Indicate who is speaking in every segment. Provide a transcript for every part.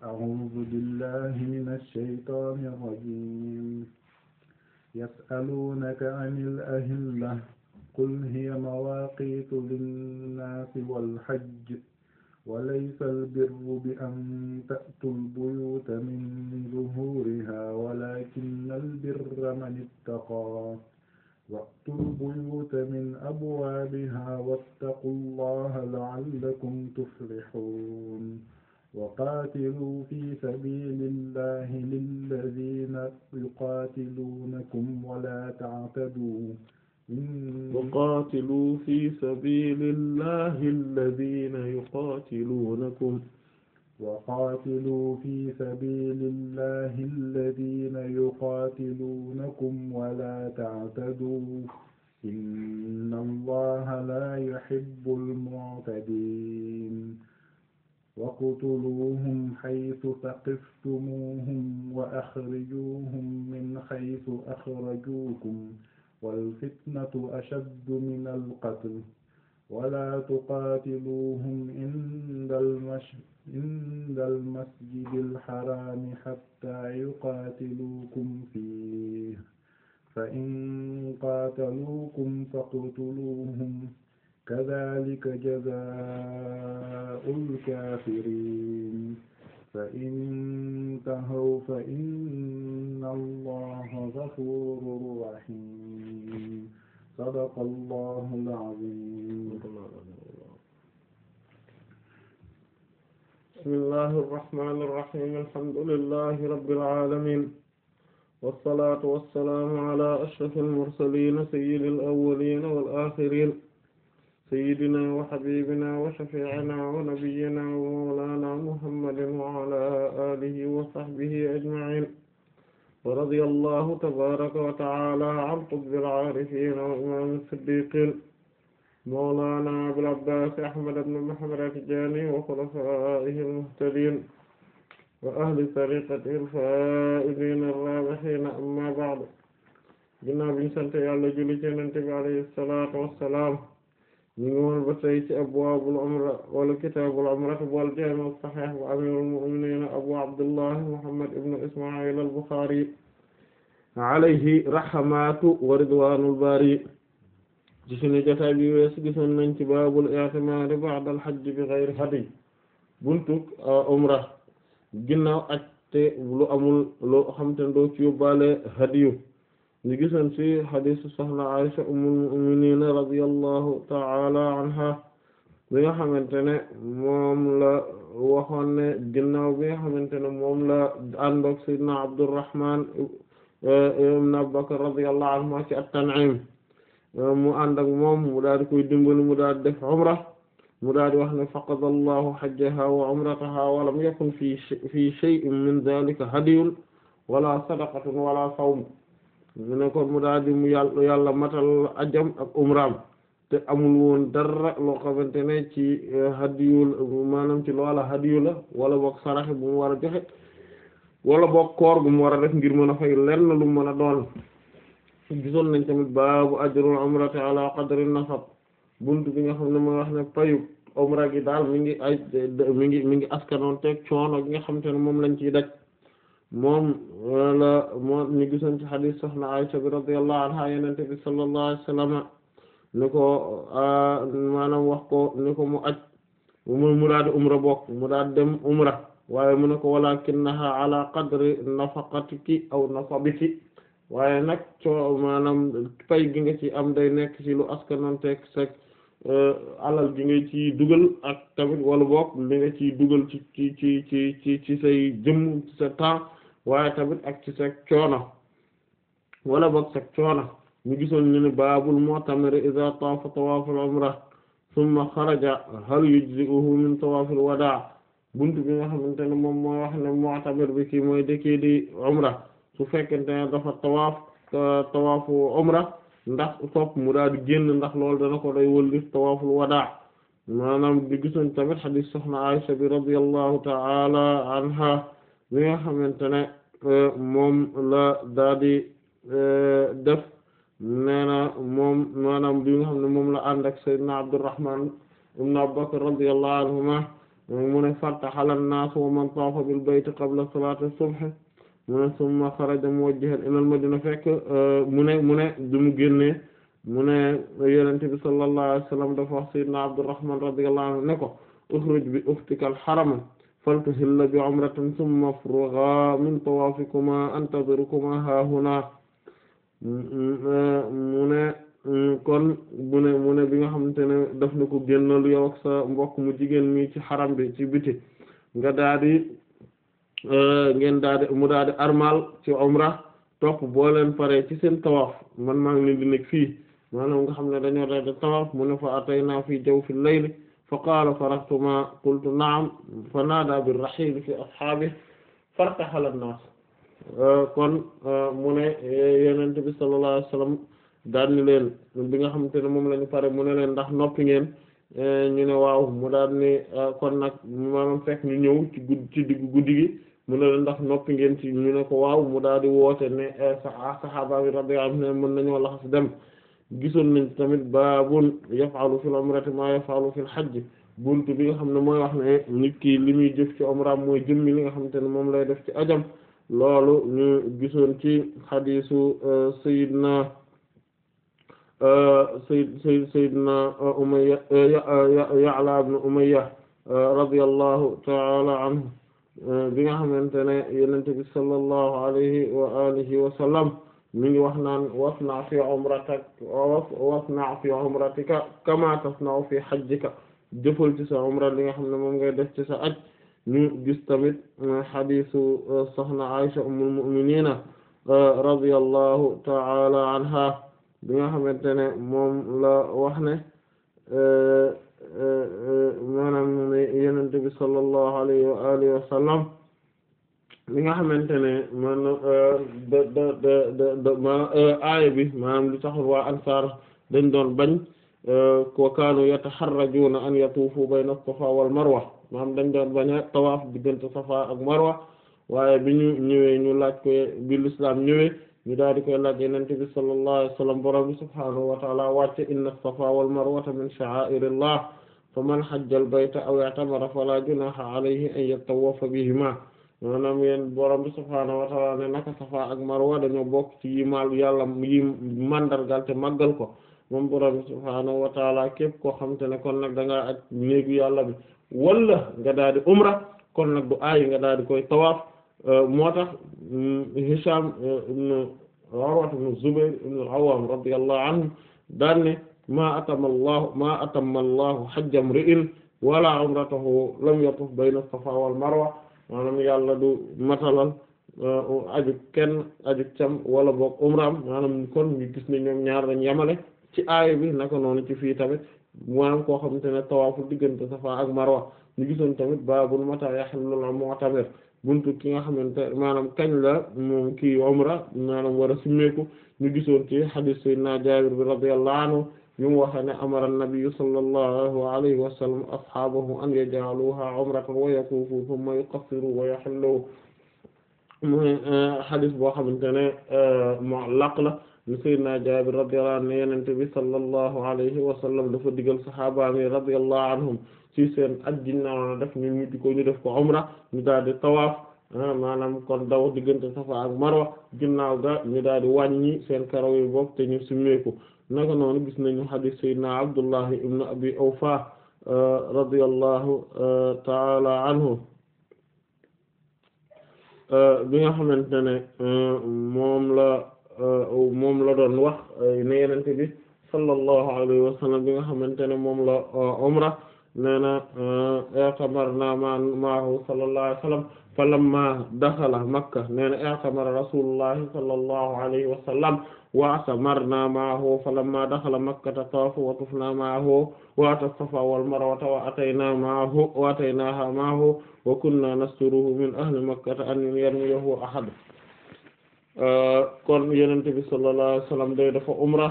Speaker 1: أعوذ بالله من الشيطان الرجيم يسألونك عن الأهلة قل هي مواقيت للناس والحج وليس البر بأن تأتوا البيوت من ظهورها ولكن البر من اتقى وأتوا البيوت من أبوابها واتقوا الله لعلكم تفلحون وقاتلوا في سبيل الله للذين يقاتلونكم ولا تعتدوا
Speaker 2: وقاتلوا
Speaker 1: في سبيل الله الذين يقاتلونكم وقاتلوا في سبيل الله الذين يقاتلونكم ولا تعتدوا إن الله لا يحب المعتدين وقتلوهم حيث ثقفتموهم وأخرجوهم من حيث أخرجوكم والفتنة أشد من القتل ولا تقاتلوهم عند المش عند المسجد الحرام حتى يقاتلوكم فيه فإن قاتلوكم فاقتلوهم kadhalika jazaa'ul kaafiriin fa in tahaw fa inna allaha ghafuurun rahiim sadaqallahul aziim
Speaker 2: bismillahir rahmaanir rahiim alhamdulillahi rabbil aalamiin wassalaatu wassalaamu alaa ashrafil mursaliin sayyidil awwaliin wal aaxiriin sayyidina wa habibina wa shafi'ina wa nabiyyina wa mawlana muhammadin wa ala alihi wa sahbihi ajma'in wa radiyallahu tabaraka wa ta'ala an qutbil arifin wa imam as-siddiqin mawlana abul abbas ahmad ibn muhammad at-tijani wa khulafa'ihi al-muhtadin wa ahli tariqatihi al-fa'izin ar-rabihin amma ba'd ginnaaw bi ñu sant Yàlla julli ci Yonent bi alayhi salatu wassalam ñu ngi woon ci abwaabul umra wala kitaabul umra wal jaami' as-sahiih wa amiirul mu'miniin abu abdullah muhammad ibn isma'il al-Bukhari alayhi rahmatu wa ridwaanul baari ci sunu jotaay bi weesu gisoon nañ ci baabul i'timaar ba'da al-hajj bi ghayri hadiy buntu umra ginnaaw ak te lu amul loo xam te ci yóbbaale hadiyu ñu gisoon ci xadiisu soxna Aysa ummul mu'miniin radiyallahu ta'ala anha bi nga xamante ne moom la waxoon ne ginnaaw bi nga xamante ne moom la àndoog sayyidina Abdurrahman eh, ibn Abu Bakr radiyallahu anhu ci at-Tan'im mu ànd ak moom mu daal di koy dimbali mu daal di def umra mu daal di wax ne faqada Allahu hajjaha wa umrataha wa lam yakun fi fi shay'in min dhalika hadiyun wala sadaqatun wala sawm ñu ne kon mu daal di mu yàlla yàlla matal ajam ak umraam te amul woon dara loo xamante ne ci eh, hadiyu maanaam ci loola hadiyu la wala book saraxe bu mu war a joxe wala book koor gu mu war a def ngir mën a fay lenn lu mu mën a doon gisoon nañ tamit baabu ajrul umrati ala qadri nasab buntu bi nga xam ne mooy wax ne payub umra gi daal mi ngi ay mi ngi mi ngi askanoon teg coono gi nga xamante ne moom lañ ciy daj moom la moom ñu gisoon ci hadith soxna Aysa bi radiyallahu anha yonent bi sallallahu alayhi wa sallam ni ko maanaam wax ko ni ko mu aj mu muraad umra bokk muraad dem umra waaye mu ne ko walaakinnaha ala qadri nafaqatiki aw nasabiki waaye nag coo maanaam gi nga ci am day nekk ci lu askananteeg sek e, alal gi nga ci dugal ak tamit wala bokk li nga ciy dugal ci ci ci ci ci ci say jëm sa temps waaye tamit ak ci sag coono wala boog sag coono ñu gisoon ne ne baabul mu'tamir iza tawafa tawaaful umra summa xaraja hal yujzi'uhu min tawaafil wadaa buntu bi nga xamante ne moom mooy wax ne mu'tamir bi kii mooy dëkkee di umra su fekkente ne dafa tawaaf tawaafu umra ndax topp mu daal di génn ndax loolu dana ko doy wëllif tawaaful wadaa maanaam di gisoon tamit xadiis soxna Aysa bi radiyallahu ta'ala anha bi nga xamante ne Euh, moom la daa di euh, def nee na moom maanaam bi nga xam ne moom la ànd ak sayyidina Abdurrahman ibn Abu Bakr radiyallahu anhuma mu ne fartahala an-naas wa man taafa bil bayt qabla salaati as-subh mu ne summa xaraja muwajjihan ila al-madina fekk euh, mu ne mu ne du mu génnee mu ne yonent bi sallallahu alayhi wa sallam dafa wax sayyidina Abdurrahman radiyallahu anhu ne ko ukhruj bi ukhtika al-haram faltuhilla bi umratin thumma afrugha min tawafikuma antazirukuma hahuna mu ne kon mu ne mu ne bi nga xamante ne daf na ko génnal yow ak sa mbokk mu jigéen mi ci xaram bi ci biti nga daadi euh, ngeen daadi mu daadi armal ci umra topp boo pare ci seen tawaaf man maa ngi leen di nekk fii maanaam nga xam ne dañoo daadi tawaaf mu ne fa atay naa fii jaw fi layli fa qaala faraktuma qultu naam fa naada birrahili fi ashaabi fartahala nnaas kon mu ne yenente bi sallallahu alayhi wasallam daal ni leen bi nga xamante ne moom lañu pare mu ne leen ndax noppi ngeen ñu ne waaw mu daal ni kon nag maanaam fekk ñu ñëw ci guddi ci diggu guddi gi mu ne leen ndax noppi ngeen ci ñu ne ko waaw mu daal di woote ne eh, saxaaba bi radiyallahu anhum mën nañoo laxas dem gisoon nañ tamit baabun yaf'alu fil umrati ma yaf'alu fil hajj buntu bi nga xam ne mooy wax ne nit ki li muy jëf ci umraam mooy jëmmi li nga xamante ne moom lay def ci ajam loolu ñu gisoon ci hadisu euh, sayyidina euh, sayyid sayyid sayyidina Umayya euh, Ya'la ibn Umayya radiyallahu ta'ala anhu bi nga xamante ne yonent bi sallallahu alayhi wa alihi mi ngi wax naan wasna fi umratak wasna fi umratika kama tasna'u fi hajjika jëfal ci sa umra li nga xam ne moom ngay def ci sa aj ñu gis tamit uh, hadisu uh, soxna Aisha ummul mu'minina uh, radiyallahu ta'ala anha bi nga xamante ne moom la wax ne maanaam yenente bi sallallahu alayhi wa alihi wa sallam li nga xamante ne man euh, ma euh, aaya bi maanaam li taxul waa ansaar dañ doon bañ ko euh, kaanu yataharrajuna an yatuufu bayna safa wal marwa maanaam dañ doon bañ a tawaaf diggante safa ak marwa waaye bi ñu ñëwee ñu laaj ko bi lislaam ñëwee ñu daal di koy laaj yenente bi sallallahu alayhi wasallam borom a subhaanahu wa ta'ala wàcce inna safa wal marwata min sha'a'irillaah faman hajja al bayta aw i'tamara fala junaha alayhi an yatawafa bihima maanaam yeen borom bi subhaanahu wa ta'ala ne naka safa ak marwa dañoo bokk ci yi maal yàlla yi màndargal te màggal ko moom borom bi subhaanahu wa ta'ala képp koo xam te ne kon nag da yàlla bi wala nga daal di umra kon nag du nga daal di koy tawaaf euh, moo tax euh, Hisham euh, ibn Urwa ibn Zubayr ibn al-Awwam anhu daan ne maa allahu maa atama allahu hajja imri'in wala umratahu lam yatuf bayna safa wal marwa maanaam yàlla du matalal euh, aju kenn aju cam wala boog umraam maanaam kon ñu gis ne ñoom ñaar dañ yemale ci aay bi naka noonu ci fii tamit maanaam koo xamante ne tawaafu diggante safa ak marwa ñu gisoon tamit baabul mata moo mu'tamir buntu ki nga xamante maanaam kañ la moom kii umra maanaam war a simmeeku ñu gisoon ci hadith naa Jaabir bi radiyallahu anhu bi mu waxee ne amara an-nabiyyu sallallahu alayhi wa sallam ashaabahu an yaj'aluha umratan wa yaqufu thumma yuqaffiru wa yahillu muy euh, xadis boo xamante ne euh, mu'allaq la ni sayyidina Jaabir radiyallahu anhu ne Yonent bi sallallahu alayhi wa sallam dafa digal saxaaba mi radiyallahu anhum ci seen at ginnaaw def ñu ñu di ko ñu def ko umra ñu daal di tawaaf ah, maanaam kon daw diggante Safa ak Marwa ginnaaw ga ñu daal di wàññi seen karaw yi bopp te ñu summeeku naka noonu gis nañu hadith sayyidina Abdullah ibn Abi Awfa euh, radiyallahu euh, ta'ala anhu euh, bi nga xamante ne moom la moom la doon wax ne Yonent bi sallallahu alayhi wa sallam bi nga xamante ne moom la umra nee na i'tamarna ma'ahu sallallahu alayhi wa sallam falamma dakhala Makka nee na i'tamara rasulullahi sallallahu alayhi wa sallam واستمرنا معه فلما دخل مكة طاف وطفنا معه وأتى الصفا والمروة وأتينا معه وأتيناها معه وكنا نستره من أهل مكة أن يرميه أحد kon Yonent bi sallallahu alayhi wa sallam day dafa umra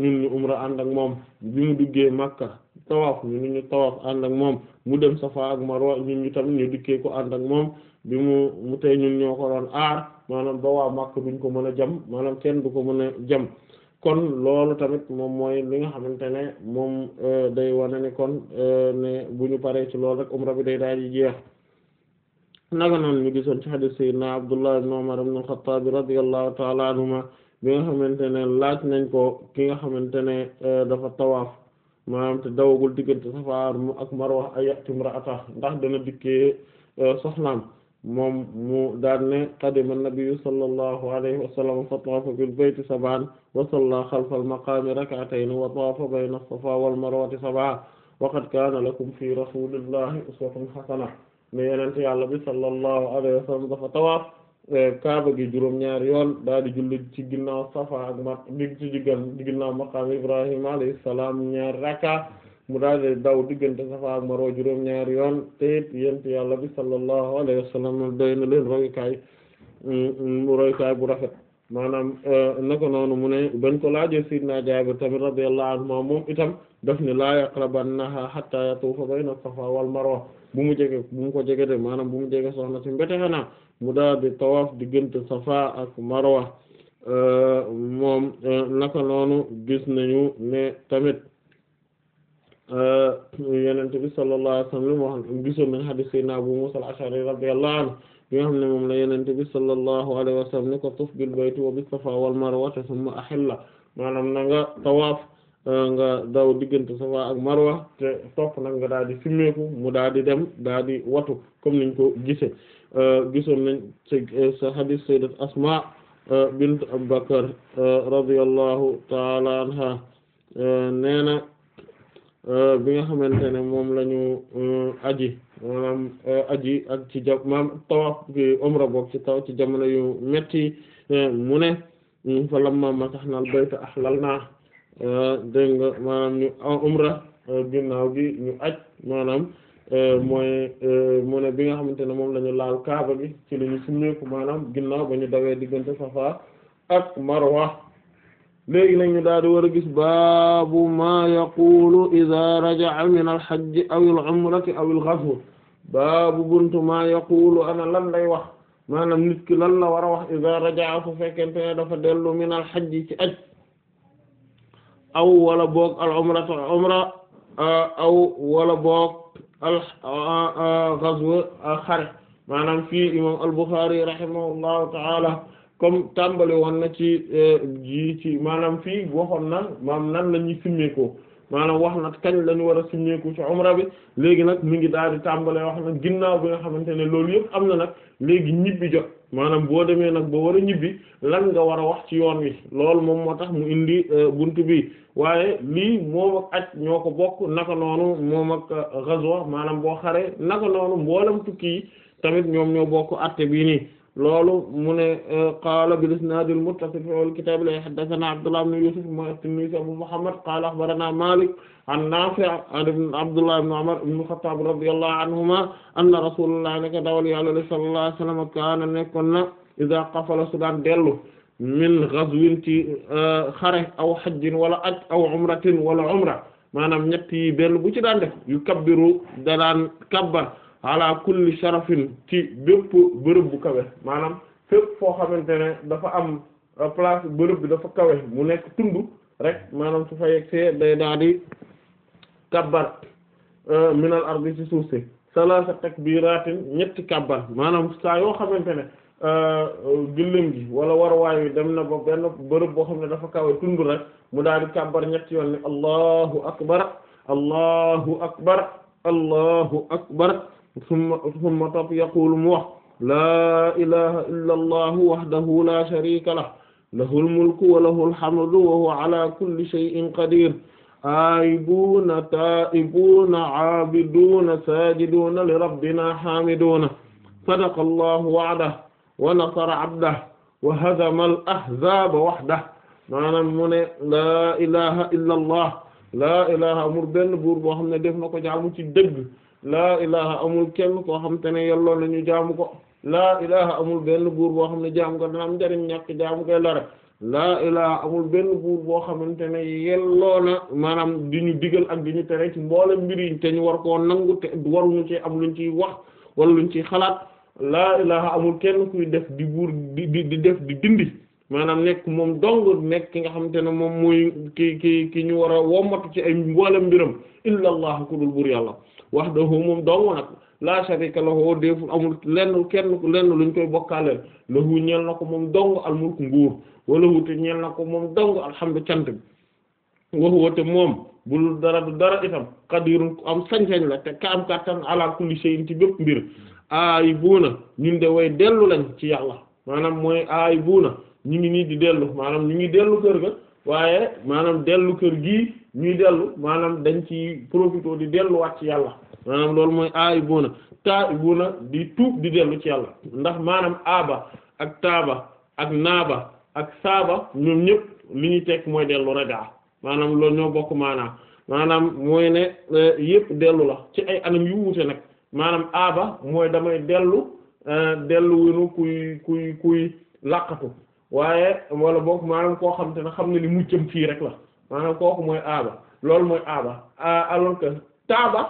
Speaker 2: ñun ñu umra ànd ak moom bi mu duggee Makka tawaaf ñun ñu tawaaf ànd moom mu dem Safa ak Marwa ñun ñu tamit ñu dikkee ko ànd moom bi mu mu tey ñun ñoo ko doon aar maanaam ba waa Makka duñ ko mën a jam maanaam kenn du ko mën a jam kon loolu tamit moom mooy li nga xamante ne moom euh, day wane ne kon euh, ne bu ñu paree ci loolu rek umra bi day daal di jeex naka noonu ñu gisoon ci hadith sayyidina Abdullah ibn Umar ibn al-Khattab radiyallahu ta'ala anhuma bi nga xamante ne laaj nañ ko ki nga xamante ne euh, dafa tawaaf maanaam te dawagul diggante Safa ak Marwa ay yati imra'ata ndax dana dikkee euh, soxnaam moom mu daan ne qadima an-nabiyyu sallallahu alayhi wa sallam fa tawafa bil bayti sab'an wa salla xalfa al-maqaami rak'atayn wa tawafa bayna as-Safa wal Marwati sab'an wa qad kaana lakum fi rasulillahi uswatun hasana ne yonent Yàlla bi sallallahu alayhi wa sallam dafa tawaaf Eh, ka gi juróom-ñaari yoon daal di julli ci ginnaaw safa ak mar dig ci diggan ginnaaw maqaam ibrahima salaam ñaari raka mu daal di daw diggante safa ak marwa juróom-ñaari yoon te yent yàlla bi sallallahu alayhi wa sallam doy na leen royukaay mu mm, royukaay bu rafet maanaam eh, naka noonu mu ne bañ ko laajee sayyidina Jaabir tamit radiyallahu anhu moom itam daf ne laa yaqrabannaha hatta yatuufa bayna safa wal marwa bu mu jege bu mu ko jege de maanaam bu mu jege soxna mu daal di tawaaf diggante safa ak marwa euh, moom euh, naka noonu gis nañu ne tamit euh, yonent bi sallallahu alayhi wa sallam wax gisoon nañ hadith sayyidina Abu Musa al-Ash'ari radiyallahu anhu bi nga xam la sallallahu alayhi wa sallam ne ko tuf bil bayti wa bis safa wal marwa thumma ahilla maanaam na nga tawaaf Euh, nga daw diggante Safa ak Marwa te topp nag nga daal di simmeeku mu daal di dem daal di watu comme niñ ko gisee euh, gisoon nañ ci euh, sa hadith sayyidat Asma bint Abu Bakr ta'ala anha nee na bi nga xamante ne moom la ñu aji maanaam aji ak ci jam maam umra boog ci taw ci jamono yu metti mu ne fa lamma matahna al bayta ahlalna Euh, dégg nga maanaam ñu umra euh, ginnaaw gi ñu aj maanaam euh, mooy mu ne bi nga xamante ne moom lañu laal kaaba bi ci li ñu summeeku maanaam ginnaaw ba ñu dawee diggante safa ak marwa léegi nag ñu daal di war a gis baabu ma yaqulu ida raja'a min al hajj aw al umrati aw al ghazw baabu buntu ma yaqulu ana lan lay wax maanaam nit ki lan la war a wax ida raja'a fu fekkente ne dafa dellu min al hajj ci aj aw wala boog al umratu umra aw wala boog al xare maanaam fii imam al Bukhari rahimahullahu ta'ala comme tàmbali woon na ci e, ji ci maanaam fii waxoon na maam nan la ñuy simmeekoo maanaam wax na kañ la ñu war a simmeeku ci umra bi léegi nag mi ngi daal di tàmbalee wax nag ginnaaw bi nga xamante ne loolu yëpp am na nag léegi ñibbi jot maanaam boo demee nag ba war a ñibbi lan nga war a wax ci yoon wi loolu moom moo tax mu indi euh, bunt bi waaye lii moom ak aj ñoo ko bokk naka noonu moom ak ghazwa euh, maanaam boo xare naka noonu mboolam tukki yi tamit ñoom ñoo bokk atte bii nii loolu mu ne euh, qaala bil isnaadil muttasil fil kitaab la haddasanaa Abdullah ibn Yuusuf mooy at-Tinnisi Abu Muhammad qaala akhbaranaa Maalik an Naafi' an Abdullah ibn Umar ibn al-Khattaab radiyallahu anhumaa anna rasuulullaah nekk dawal Yàlla sallallaahu alayhi wa sallam kaana nekkoon na izaa qafala su daan dellu min ghazwin ci euh, xare aw hajjin wala aj aw umratin wala umra maanaam ñett yi benn bu ci daan def yukabbiru da daan kabbar ala kulli sharafin ci bépp bërëb bu kawe maanaam fépp foo xamante ne dafa am euh, place bërëb bi dafa kawe mu nekk tund rek maanaam su fa yegsee day di kabbar euh, minal ardi ci suuf si salaasa ñetti kabbar maanaam saa yoo xamante ne euh, gëllëm gi wala waruwaay wi dem na ba benn bërëb boo xam ne dafa kawe tund rek mu daal di kabbar ñetti yoon ne allahu akbar allahu akbar allahu akbar summa summa topp yaqulu mu wax laa ilaha illa allahu wahdahu la sharika lah lahul mulku wa lahul hamdu wa huwa ala kulli shay'in qadir aayibuna taa'ibuna aabiduna sajiduna li rabbina hamiduna sadaqa allahu wa'dahu wa nasara abdahu wa hazama al ahzaba wahdahu maanaam mu ne laa ilaha illa allah laa ilaha amul benn buur boo xam ne def na ko jaamu ci dëgg laa ilaha amul kenn koo xam te ne yelloo na ñu jaamu ko laa ilaha amul benn buur boo xam ne jaamu dana am njariñ ñàkk jaamu koy lore laa ilaha amul benn buur boo xamante ne yelloo na maanaam di ñu digal ak di ñu tere ci mboolem mbir yi te ñu war koo nangu te waruñu ci am luñ ciy wax wala luñ ciy xalaat laa ilaha amul kenn kuy def di buur di di def di dindi maanaam nekk moom dong nekk ki nga xamante ne moom muy ki ki ki ñu war a wommatu ci ay mboolem mbiram illa ku dul buur yàlla wahdahu moom dong nag la sharika lahu deful amul lenn kenn lenn luñ koy bokkaaleel lahu ñeel na ko moom dong al mulku nguur wala hu te ñeel na ko moom dong alhamdu xam bi wa huwa te moom bul dara du dara itam qadirun am sañ-sañ la te ka am kàttan ala kulli shay'in ci bépp mbir aay na ñun de way dellu lañ ci yàlla maanaam mooy aay buuna ñu ngi nii di dellu maanaam ñu ngi dellu kër ga waaye maanaam dellu kër gii ñuy dellu maanaam dañ ci profité di delluwaat ci yàlla maanaam loolu mooy aayibuna taibuna di tuub di dellu ci yàlla ndax maanaam aaba ak taaba ak naaba ak saaba ñoom ñëpp li ñu tek mooy dellu raja maanaam loolu ñoo bokk maanaam maanaam mooy ne eh, yëpp dellu la ci ay anam yu wuute nag maanaam aaba mooy damay dellu eh, delluwinu kuy kuy kuy làqatu waaye wala bokk maanaam koo xam te ne xam ne li muccam fii rek la maanaam kooku mooy aaba loolu mooy aaba alors taaba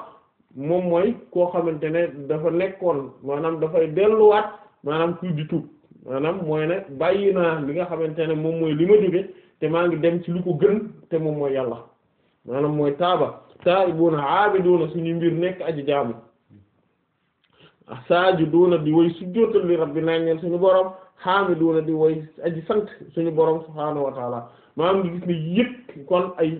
Speaker 2: moom mooy koo xamante ne dafa nekkoon maanaam dafay delluwaat maanaam kuy di tuub maanaam mooy ne bàyyi naa li nga xamante ne moom mooy li ma jóge te maa ngi dem ci lu ko gën te moom mooy yàlla maanaam mooy taaba taaibuuna aabiduuna suñu mbir nekk aji jaamu saajiduuna di way sujjóotal li bi naa ñeen suñu borom xaamiduuna di way aj sant suñu borom subhaanahu wa maanaam ngi gis ne yëpp kon ay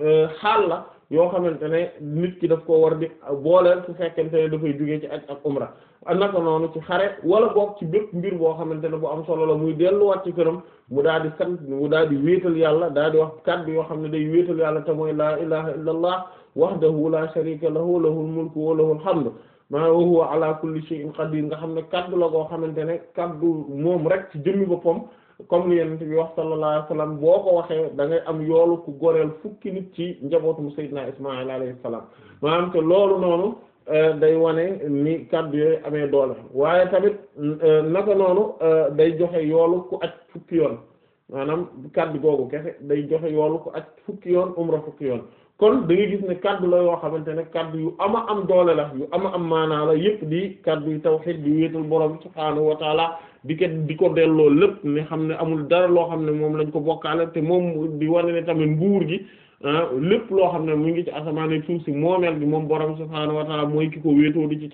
Speaker 2: euh, xaal la yoo xamante ne nit ki daf koo war di booleel su fekkente ne dafay jógee ci ak ak umra naka noonu ci xare wala boog ci bépp mbir boo xamante ne bu am solo la muy delluwaat ci këram mu daal di sant mu daal di wéetal yàlla daal di wax kàddu yoo xam ne day wéetal yàlla te mooy laa ilaha illa allah wahdahu la sharika lahu lahul mulku wa xam hamdu ma wa huwa ala kulli shay'in qadir nga xam ne kàddu la goo xamante ne kàddu moom rek ci jëmmi boppam comme li yonent bi wax sallallahu alayhi wa boo ko waxee da ngay am yoolu ku goreel fukki nit ci njabootum Seydina Ismaïl alayhi salaam maanaam te loolu noonu euh, day wane ni kàddu yooyu amee doole waaye tamit euh, naka noonu euh, day joxe yoolu ku aj fukki yoon maanaam kàddu googu kefe day joxe yoolu ku aj fukki yoon umra fukki yoon kon da gis ne kàddu la yoo xamante ne kàddu yu am a am doole la yu am am maanaa la yépp di kàddu yu tawhid di wéetal borom subhaanahu di ko di ko delloo lépp ne xam ne amul dara loo xam ne moom lañ ko bokkaale te moom di wane ne tamit nguur gi ah, lépp loo xam ne mu ngi ci asamaan suuf si moomeel gi moom borom subhaanahu wa mooy ki ko wéetoo di ci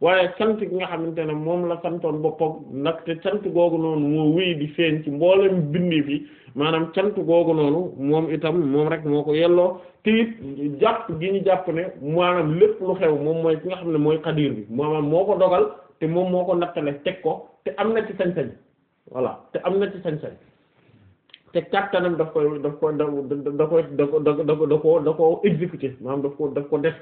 Speaker 2: waaye cant gi nga xamante ne moom la santoon boppam nag te cant noonu moo wéy di feeñ ci mboolem bindif yi maanaam cant googu noonu moom itam moom rek moo ko yelloo te jàpp gi ñu jàpp ne maanaam lépp lu xew moom mooy ki nga xam ne mooy xadiir bi maanaam moo ko dogal te moom moo ko nattale teg ko te am na ci sañ-sañ voilà te am na ci sañ-sañ te kàttanam daf koy daf ko da da koy da ko da da ko da ko exécuter maanaam daf ko daf ko def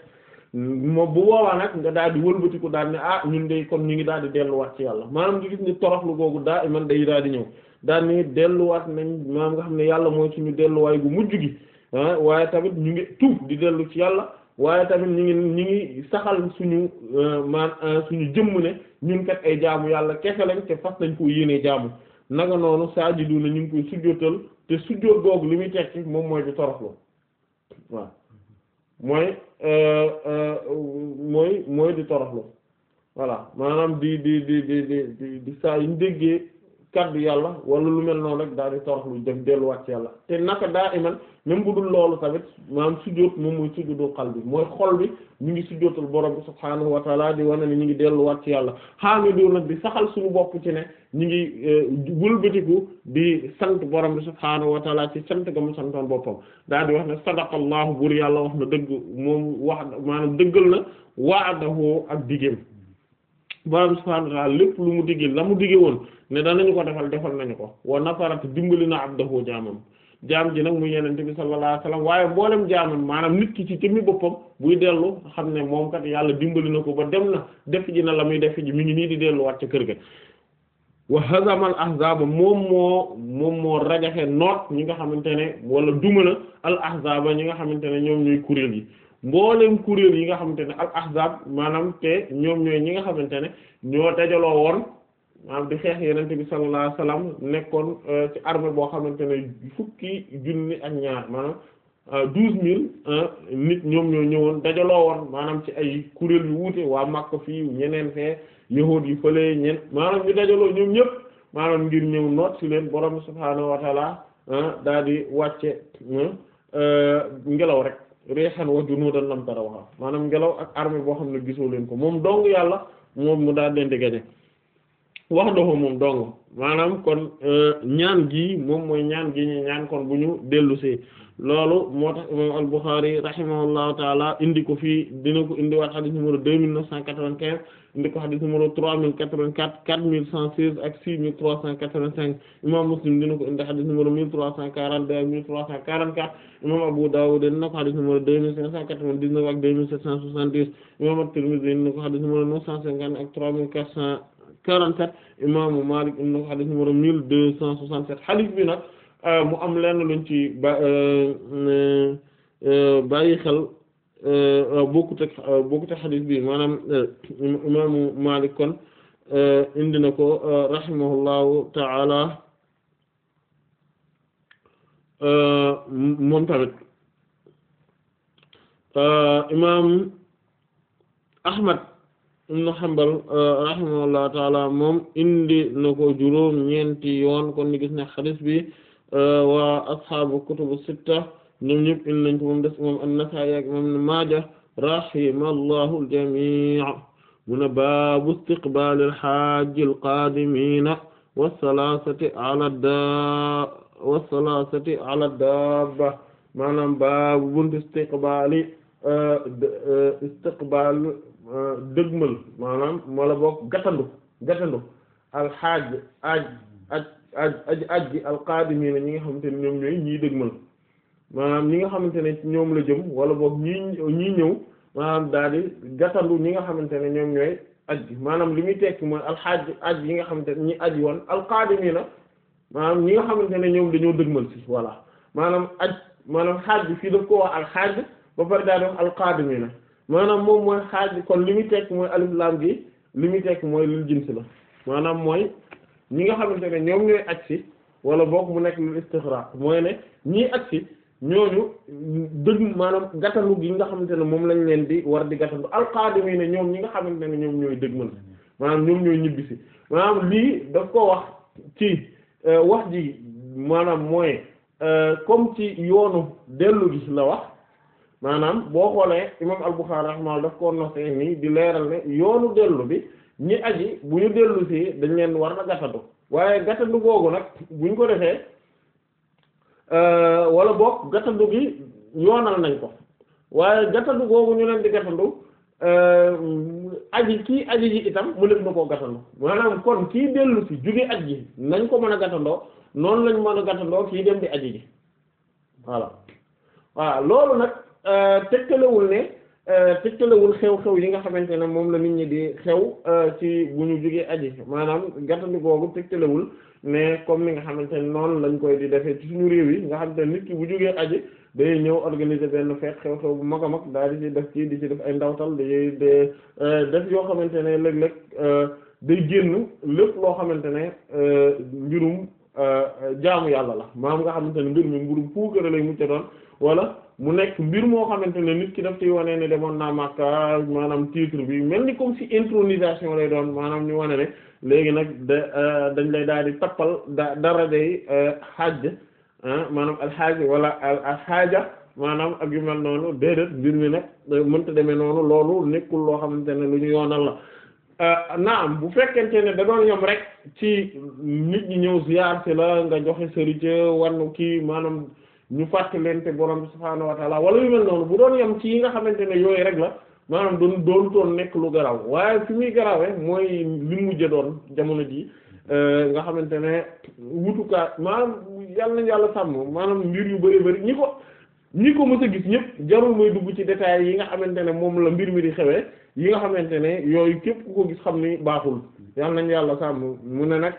Speaker 2: moom bu boobaa nag nga daal di ko daal ne ah ñun de kon ñu ngi daal di delluwaat ci yàlla maanaam nga gis ni toroxlu googu daa man day daal di ñëw daal ni delluwaat nañ maanaam nga xam ne yàlla mooy suñu delluwaay gu mujj gi ah, waaye tamit ñu ngi tuub di dellu ci yàlla waaye tamit ñu ngi ñu ngi saxal suñu euh, man euh, suñu jëmm ne ñun kat ay jaamu yàlla kese lañ te fas nañ ko yéenee jaamu naka noonu saajidu na ñu ngi koy sujjóotal te sujjóot googu li muy tekki moom mooy di toroxlu waaw mooy euh, mooy mooy di toroxlu voilà maanaam di di di di di di saa yu ñu déggee kaddu yàlla wala lu mel noonu rek daal di toroxlu def delluwaat ci yàlla te naka daa iman même bu dul loolu tamit maanaam sujjóot moom mooy sujjóotu xal bi mooy xol bi ñu ngi sujjóotal borom bi subhaanahu wa taala di wane ne ñu ngi delluwaat ci yàlla xaamidu nag di saxal sumu bopp ci ne ñu ngi eh, wëlbatiku bi sant borom bi subhaanahu wa taala ci sant ga mu santoon boppam daal di wax ne sadaqallahu buur yàlla wax na dëgg moom wax maanaam dëggal na waadahu ak digéem borom subhaanahu wa ta'aala lépp lu mu diggee la mu diggee woon ne danañu ko defal defal nañu ko wa nafarat dimbali na abdahu jaamam jaam ji nag mu yenente bi sallallahu alayhi wasallam waaye mboolem jaamam maanaam nit ki ci tammi boppam buy dellu xam ne moom kat yàlla dimbali na ko ba dem na def ji na la muy def ji mi ngi nii di delluwaat ca kër ga wa hazamal ahzaba moom moo moom moo rajaxe noot ñi nga xamante ne wala duma na al ahzaba ñi nga xamante ne ñoom ñuy kuréel yi mbooleem kuréel yi nga xamante ne al ahzab maanaam te ñoom ñooy ñi nga xamante ne ñoo dajaloo woon maanaam di xeex yenente bi sallallahu alayhi salaam nekkoon euh, ci armée boo xamante ne fukki junni ak ñaar maanaam euh, douze mille nit ñoom ñoo ñëwoon dajaloo woon maanaam ci ay kuréel yu wuute waa Makka fii ñeneen fee yahuud yi fële ñen maanaam ñu dajaloo ñoom ñëpp maanaam ngir ñëw noot ci leen borom subhaanahu wa taala daa di wàcce euh, ngelaw rek reexan wa junuudan lam tarawha maanaam ngelaw ak armée boo xam ne gisoo leen ko moom dong yàlla moom mu daal leen di gañe wax ndoxu moom dong maanaam kon euh, ñaan gi moom mooy ñaan gi ñu ñaan kon bu ñu dellusee loolu moo tax imam al-Bukhari taala indi ko fii dina ko indi waat xadis numéro deux mille neuf cent quatre-vingt-quinze indi ko xadis numéro trois mille quatre-vingt-quatre quatre mille cent seize ak six mille trois cent quatre-vingt-cinq imam Muslim dina ko indi xadis numéro mille trois cent quarante-deux ak trois cent quarante-quatre imam Abu Dawud dina ko xadis numéro deux mille cinq cent quatre-vingt-dix-neuf ak deux mille sept cent Euh, mu am lenn luñ ci euh, euh, bàyyi xel bokkut ak bokkut ak xadiis bi maanaam imaamu Maalik kon indi na ko ta'ala imaam Ahmad ibn Hanbal rahimahullahu ta'ala moom indi na juróom ñeenti yoon kon ni gis na xadiis bi waa ashaabu kutubu sitta ñoom ñëpp indi nañ ko moom des moom an-Nasaa'i ak moom Ibn Maajah rahimallahu al-jamii' mu ne baabu istiqbaal al-hajj al-qaadimiina was-salaasati ala daa was-salaasati ala daabba maanaam baabu buntu istiqbaali euh, istiqbaal euh, dëgmal maanaam wala boog gatandu gatandu al-hajj aj aj aj aj aj gi alqaadimiina ñi nga xamante ne ñoom ñooy ñii dëgmal maanaam ñi nga xamante ne ñoom la jëm wala boog ñii ñii ñëw maanaam daal di gàttandu ñi nga xamante ne ñoom ñooy aj gi maanaam li muy tekki mooy alxaaj aj yi nga xamante ne ñi aj woon alqaadimiina maanaam ñi nga xamante ne ñoom dañoo dëgmal ci voilà maanaam aj maanaam xaaj bi fii daf ko wax alxaaj ba pare daal di wax alqaadimiina maanaam moom mooy xaaj kon li muy tekk mooy alif laam gi li muy tekki mooy lil jins la maanaam mooy. ñi nga xamante ne ñoom ñooy agsi wala boog mu nekk lu istixraaq mooy ne ñii agsi ñooñu dëgg maanaam gàttalu gi nga xamante ne moom lañ leen di war di gàttalu alqaadimi ne ñoom ñi nga xamante ne ñoom ñooy dëgg man maanaam ñoom ñooy ñibbisi maanaam lii daf ko wax ci euh, wax ji maanaam mooy euh, comme ci yoonu dellu gi la wax maanaam boo xoolee imaam al-Bukhârî daf ko noxee nii di leeral ne yoonu dellu bi ñi aji bu ñu dellu si dañ leen war na gàttandu waaye gàttandu googu nag bu ñu ko defee euh, wala boog gàttandu gi yoonal nañ ko waaye gàttandu googu ñu leen di gàttandu euh, aji kii aji ji itam mu nekk na koo gàttandu maanaam kon kii dellu si juge aj ji nañ ko mën a gàttandoo noonu lañ mën a gàttandoo kii dem di aji ji voilà waaw loolu nag euh, tegtalewul ne Euh, tëkkalewul xew-xew yi nga xamante ne moom la nit ñi di xew euh, ci bu ñu jógee aji maanaam gàttandi googu telewul mais comme ni nga xamante ne noonu lañ koy di defee ci suñu réew yi nga xamante ne nit ki bu jógee aji day ñëw organiser benn fête xew-xew bu mag a mag daal di ci def ci di ci def ay ndawtal day euh, def yoo xamante ne léeg-léeg day génn lépp loo xamante ne mbirum jaamu yàlla la maam nga xamante ne mbir mi mbirum puukare lay mucca doon wala mu nekk mbir moo xamante ne nit ki def ci wane ne demoon naa Makka maanaam tiitre bi mel ni comme si intronisation lay doon maanaam ñu wane ne léegi nag da euh, dañ lay daal di tappal da dara day euh, xaaj maanaam alxaaj wala alxaaja maanaam ak yu mel noonu déedéet mbir mi nag euh, mënta demee noonu loolu nekkul loo xamante ne lu ñu yoonal la naam bu fekkente ne da doon yom rek ci nit ñi ñëw ziyaar ci la nga joxe sëriñ wan kii maanaam. ñu fàtte leen te borom bi subhaanahu wa wala yu mel noonu bu doon yem ci yi nga xamante ne yooyu rek la maanaam doon doon toon nekk lu garaw waaye fi muy garawe mooy li mujjë doon jamono ji euh, nga xamante ne wutukaat maanaam yàlla nañ yàlla sàmm maanaam mbir yu bari bari ñi ko ñi ko mës a gis ñëpp jarul mooy dugg ci détails yi nga xamante ne moom la mbir mi di xewee yi nga xamante ne yooyu képp ku ko gis xam ni baaxul yàlla nañ yàlla sàmm mu ne nag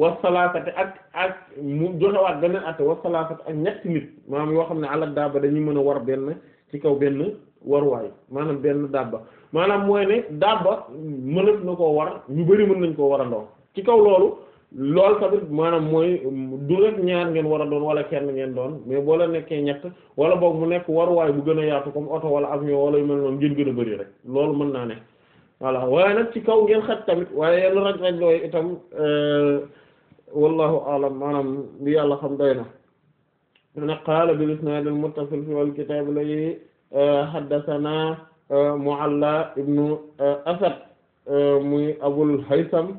Speaker 2: wasalaasate ak ak mu joxewaat beneen atte wasalaasate ak ñetti nit maam yoo xam ne ala daaba dañuy mën a war benn ci kaw benn waruwaay maanaam benn dabba maanaam mooy ne dabba mënat na koo war ñu bari mën nañ koo war a ndox ci kaw loolu loolu tamit maanaam mooy du rek ñaar ngeen war a doon wala kenn ngeen doon mais boo la nekkee ñett wala boog mu nekk waruwaay bu gën a yaatu ko comme oto wala avion wala yu mel noonu ngeen gën a bari rek loolu mën naa ne voilà waaye nag ci kaw ngeen xaj tamit waaye yenn raj raj itam euh, wallahu alam maanaam li yàlla xam doy na mu ne qaala bil isnaad al muttasil fi wal kitaab lay e, haddathana e, e, Mu'alla ibnu Asad muy Abul Haytham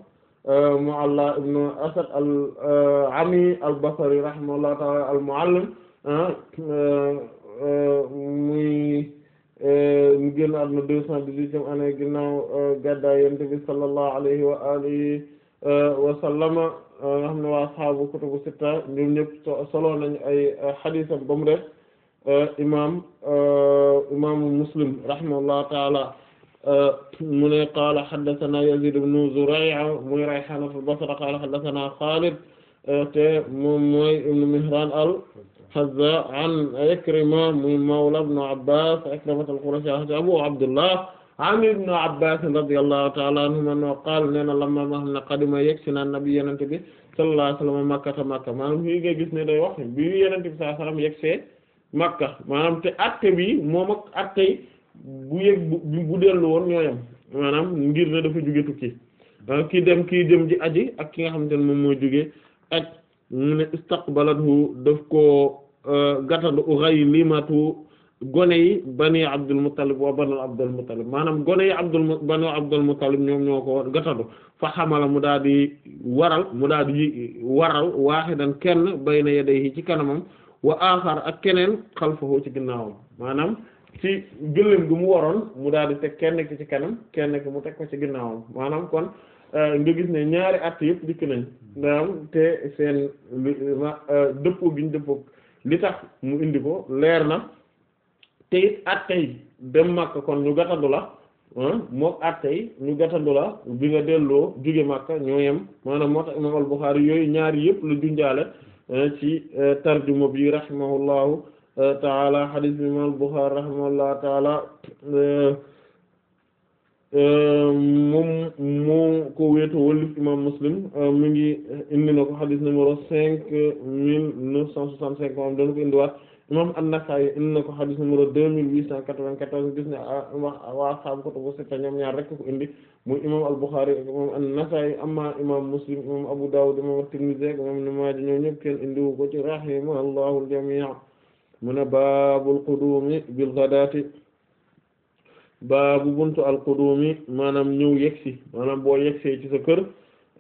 Speaker 2: Mu'alla ibnu Asad al-Ami al-Basri rahimahullahu ta'ala al-Mu'allim muy mu génn àdduna deux cent dix-huitième année ginnaaw gàddaay Yonent bi sallallahu alayhi wa alihi wa sallama nga xam ne waa ashaabu kutubu sitta ñoom ñëpp solo nañu ay xadiisam ba mu def e, imaam e, imaamu muslim rahimahullahu taala e, mu ne qaala haddathana Yazid ibn Zuray' muy Rayhaan al-Basri qaala haddathana Xaalid te moom mooy ibn Mihraan al-Hazza an Ikrima muy mawla ibn Abbaas Ikrimata al-Qurashi Abu Abdullah an ibn Abbaas radiyallahu ta'ala anhuma no qaal nee na lamma ma xam ne qadima yegsi na nabi yenente bi sallallahu alayhi wa sallam makka maanaam fii ngay gis ne day wax bi yenente bi sallallahu alayhi wa sallam yegsee makka maanaam te acte bi moom ak acte yi bu yëg bu dellu woon ñooyam maanaam ngir ne dafa jóge tukki ah, kii dem kii dem ji aji ak ki nga xamante ne moom mooy jóge aj mu ne istaqbalathu ko ah, gattandu ughay limatu gone yi bani Abdul Muttalib wa banu Abdul Muttalib maanaam gone yi Abdul banu Abdul Muttalib ñoom ñoo ko gatadu fa xamala mu daal waral mu daal di waral waaxidan kenn bayna yadayhi ci kanamam wa axar ak keneen xalfahu ci ginnaawam maanaam ci gëléem gu mu waroon mu daal di teg kenn ki ci kanam kenn ki mu teg ko ci ginnaawam maanaam kon euh, nga gis ne ñaari at yëpp dikk nañ daam te seen euh, dëppoo gi ñu dëppoo li tax mu indi ko leer na. te it attey dem Makka kon ñu gàttandu la ah, mook attey ñu gàttandu la bi nga delloo jóge Makka ñoo yem maanaam moo tax imam al yooyu ñaari yëpp la junjaale ah, ci eh, tarjuma bi rahimahullahu eh, taala hadith bi imam al-Bukhari rahimahullahu eh, moom moo ko wéetoo wallif imam Muslim mi ngi indi na ko hadith numéro cinq mille neuf cent soixante-cinq moom dana ko indiwaat imam An-Nasa'i indi na ko xadis numéro deux mille huit cent quatre-vingt-quatorze gis ne waa ashaabu kutubu sitta ñoom ñaar rek ko indi muy imam Al-Bukhârî ak imam An-Nasa'i amma imam Muslim imam Abu Dâwud imam At-Tirmidhî ak imam Ibn Mâdja ñoom ñëpp kenn indiwu ko ci rahimahullahu al-jamii' mu ne baabul qudumi bil ghadaati baabu buntu al qudumi maanaam ñëw yegsi maanaam boo yegsee ci sa kër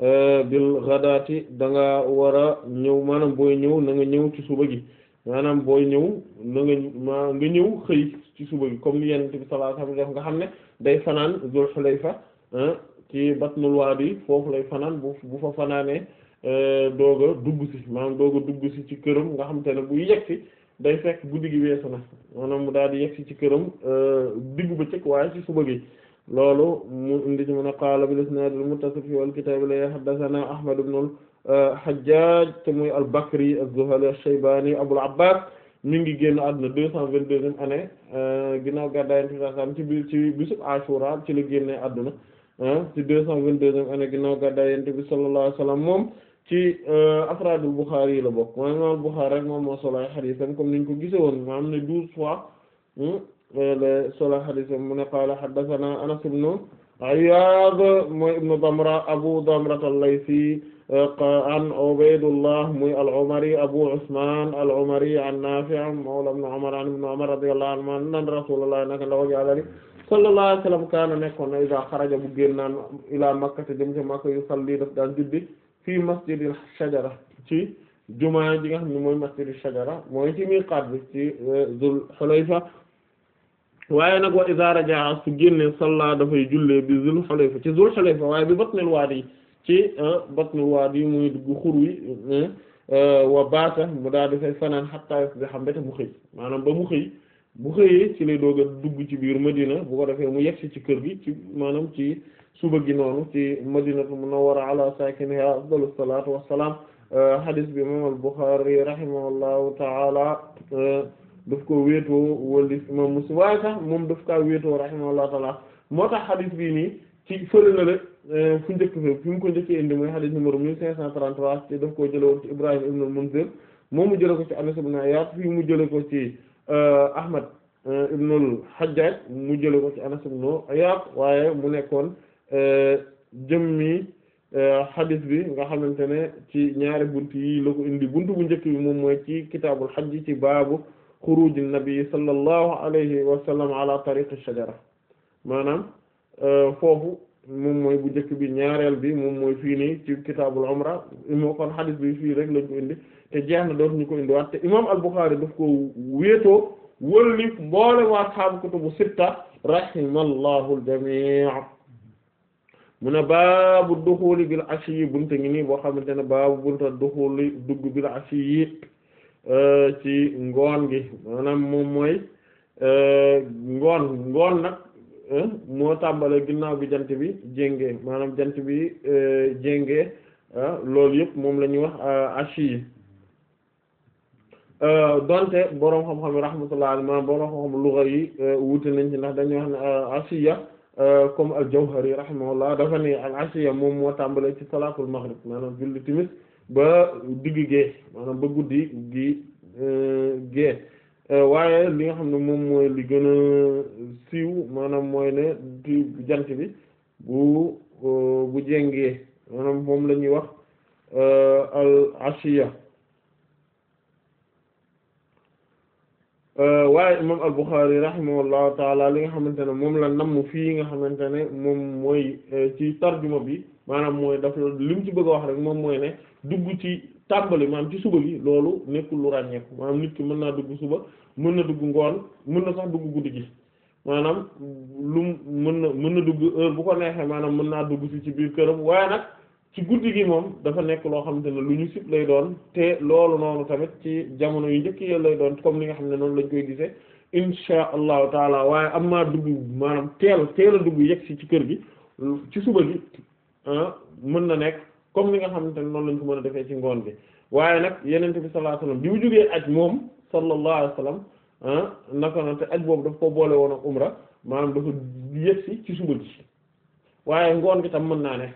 Speaker 2: euh, bil ghadaati danga nga war a ñëw maanaam boo ñëw na nga ñëw ci suba gi maanaam booy ñëw na nga ma ñëw xëy ci suba bi comme ni yenent bi sallallahu alayhi nga xam ne day fanaan lay fa ah, ci batnul waadi foofu lay fanaan bu bu fa fanaanee eh, doog a dugg si maanaam doog dugg si ci këram nga xam te ne bu yegg si day fekk guddi gi weesu na maanaam mu daal di yegg ci këram eh, diggu ba cëkk waaye ci suba gi loolu mu indi ci mën a qaala bil isnaad al muttasil fi al kitaab la haddathana Hajjaj te muy al-Bakri az-Zuhali ash-Shaybani Abul Abbas mi ngi génn àdduna deux cent vingt deuxième euh, euh, année ginnaaw gàddaay Yonent bi sallallahu alayhi wa ci bi ci bisub Ashura ci la génne àdduna ci deux cent vingt deuxième année ginnaaw gàddaay Yonent bi sallallahu alayhi moom ci euh, afraadul Bukhari yi la bokk mooy imaam Bukhari rek moom moo solo ay xadiisam comme ñu ko gise woon ma am ne douze fois hmm, le solo ay xadiisam mu ne qaala haddathana Anas ibn Ayyad mooy ibn Damra Abu Damra al-Laythi an Ubaydullah muy al-Umari Abu Usman al-Umari an Nafi' mawla ibn Umar an ibn Umar radiyallahu anhuma anna Rasulullah naka ndawal Yàlla li sallallahu alayhi wa sallam kaana nekkoon na iza xaraja bu génnaan ila Makka te jëm ci Makka yusalli daf daan julli fii masjidil shajara ci jumaa ji nga xam ne mooy masjidil shajara mooy ci miqaat bi ci e, Zul Hulayfa waaye nag wa iza raja'a su génnee salla dafay jullee bi Zul Hulayfa ci Zul Hulayfa waaye bi batnil waadi ci ah, batnul waadi muy dugg xur wi ah, ah, wa baata mu daal di fay fanaan xatta yusbiha mbete mu xëy maanaam ba mu xëy bu xëyee ci lay doog dugg ci biir Madina bu ko defee mu yegg si ci kër gi ci maanaam ci suba gi noonu ci Madinatu Munawwara ala saakinihaa afdalu salaatu wassalaam hadis bi imaam al-Bukhari rahimahullahu taala daf ko wéetoo wala imaam Muslim waaye sax moom daf kaa wéetoo rahimahullahu taala moo tax hadis bii nii ci fële na rek. fu euh, njëkk fi fi ko njëkkee indi mooy hadith numéro 1533 te daf koo jële woon ci Ibrahim ibn al-Munzir moom mu jële ko ci Anas ibn Ayyad fii mu jële ko ci euh, Ahmad euh, ibn al mu jële ko ci Anas ibn Ayyad waaye mu nekkoon jëmmi hadith bi nga xamante ne ci ñaari bunt yi la indi buntu bu njëkk bi moom mooy ci kitaabul hajj ci baabu xuruji nabi sallallahu alayhi wa sallam ala tariqi shajara maanaam foofu moom mooy bu njëkk bi ñaareel bi moom mooy fii nii ci kitaabul umra moo kon xadis bi fii rek lañ ko indi te jeex na dootuñu ko indi waat te imaam al-Bukhari daf ko wéetoo wëlli mboole waa ashaabu kutubu sitta rahimallahu al-jamii' mu ne baabu duxuli bil ashi bunte ngi nii boo xamante ne baabu bunte duxuli dugg bil ashi yi euh, ci ngoon gi moom mooy euh, ngoon ngoon nag moo tàmbale ginnaaw bi jant bi jéngee maanaam jant bi euh, jéngee euh, loolu yëpp moom la ñuy wax achi euh, yi donte boroom xam-xam yi rahmatullah alayhi maanaam boroom xam-xam yi wuute nañ ci ndax dañuy wax ne ashiya comme al-Jawhari rahimahullah dafa ne al-ashiya moom moo tàmbale ci salaatul maghrib maanaam julli timis ba digg gee maanaam ba guddi gi gee Euh, waaye li nga xam ne moom mooy li gën a siiw maanaam mooy ne di jant bi bu euh, bu jengee maanaam moom la wax euh, al ashiya waaye imam al Bukhari rahimahullahu taala li nga xamante ne moom la namm fii nga xamante ne moom mooy ci tarjuma bi maanaam mooy daf lim ci bëgg a wax rek moom mooy ne dugg ci tàmbali maanaam ci suba gi loolu nekkul lu ràññeeku maanaam nit ki mën naa dugg suba mën na dugg ngoon mën na sax dugg guddi gi maanaam lu mën na mën na dugg heure bu ko neexee maanaam mën naa dugg si ci biir këram waaye ci guddi gi moom dafa nekk loo xamante ne lu ñu sib lay doon te loolu noonu tamit ci jamono yu njëkk yi lay doon comme li nga xam ne noonu lañ koy gisee insha allahu taala waaye am naa dugg maanaam teel teel a dugg yegg si ci kër gi ci suba gi ah, mën na nekk. comme li nga xam ne noonu lañ ko mën a defee ci ngoon bi waaye nag yenente bi sallallahu alayhi wasallam bi mu jógee aj moom sallallahu alayhi wasallam ah, naka na te aj boobu daf ko boole woon ak umra maanaam dafa yegsi ci suba ji waaye ngoon gi tam mën naa ne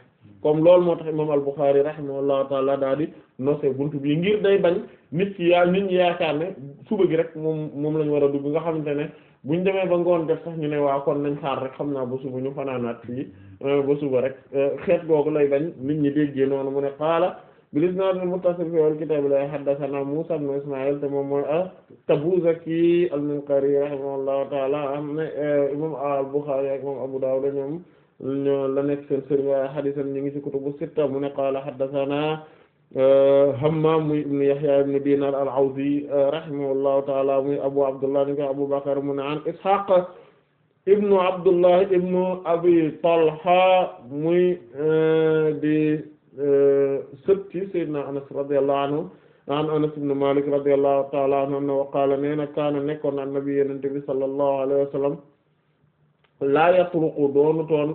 Speaker 2: comme loolu moo tax imam al-Bukhari rahimahullahu taala daal di nose buntu bi ngir day bañ nit ki yaa nit ñi yaakaar ne suba gi rek moom moom lañ war a dugg nga xamante ne buñ demee ba ngoon def sax ñu ne waaw kon nañ xaar rek xam naa ba suba ñu fanaanaat fii euh, ba suba rek euh, xeet googu lay bañ nit ñi déggee noonu mu ne qaala bil isnaadil muttasil fil kitaabi la haddasanaa Muusaa ibn Ismaa'iil te moom mooy at-Tabuuzaki al-Minqari rahimahullahu ta'aala am na euh, imaam al-Buxaari ak imaam Abu Daawuud ñoom ñoo la nekk seen sëriñ waaye hadiisam ñu ngi ci kutubu sitta mu ne qaala haddasanaa Euh, Hammaam muy ibnu Yahya ibnu Dinar al-Awzi euh, rahimahullahu ta'ala muy Abu Abdullah ni ko Abu Bakr mu ne an Ishaq ibnu Abdullah ibnu Abi Talha muy euh, di sët ci Seydina Anas radiyallahu anhu an Anas ibnu Malik radiyallahu ta'ala anhu wa qaala nee na kaana nekkoon an-nabi yenente bi sallallahu alayhi wa sallam laa yatruqu doonu toon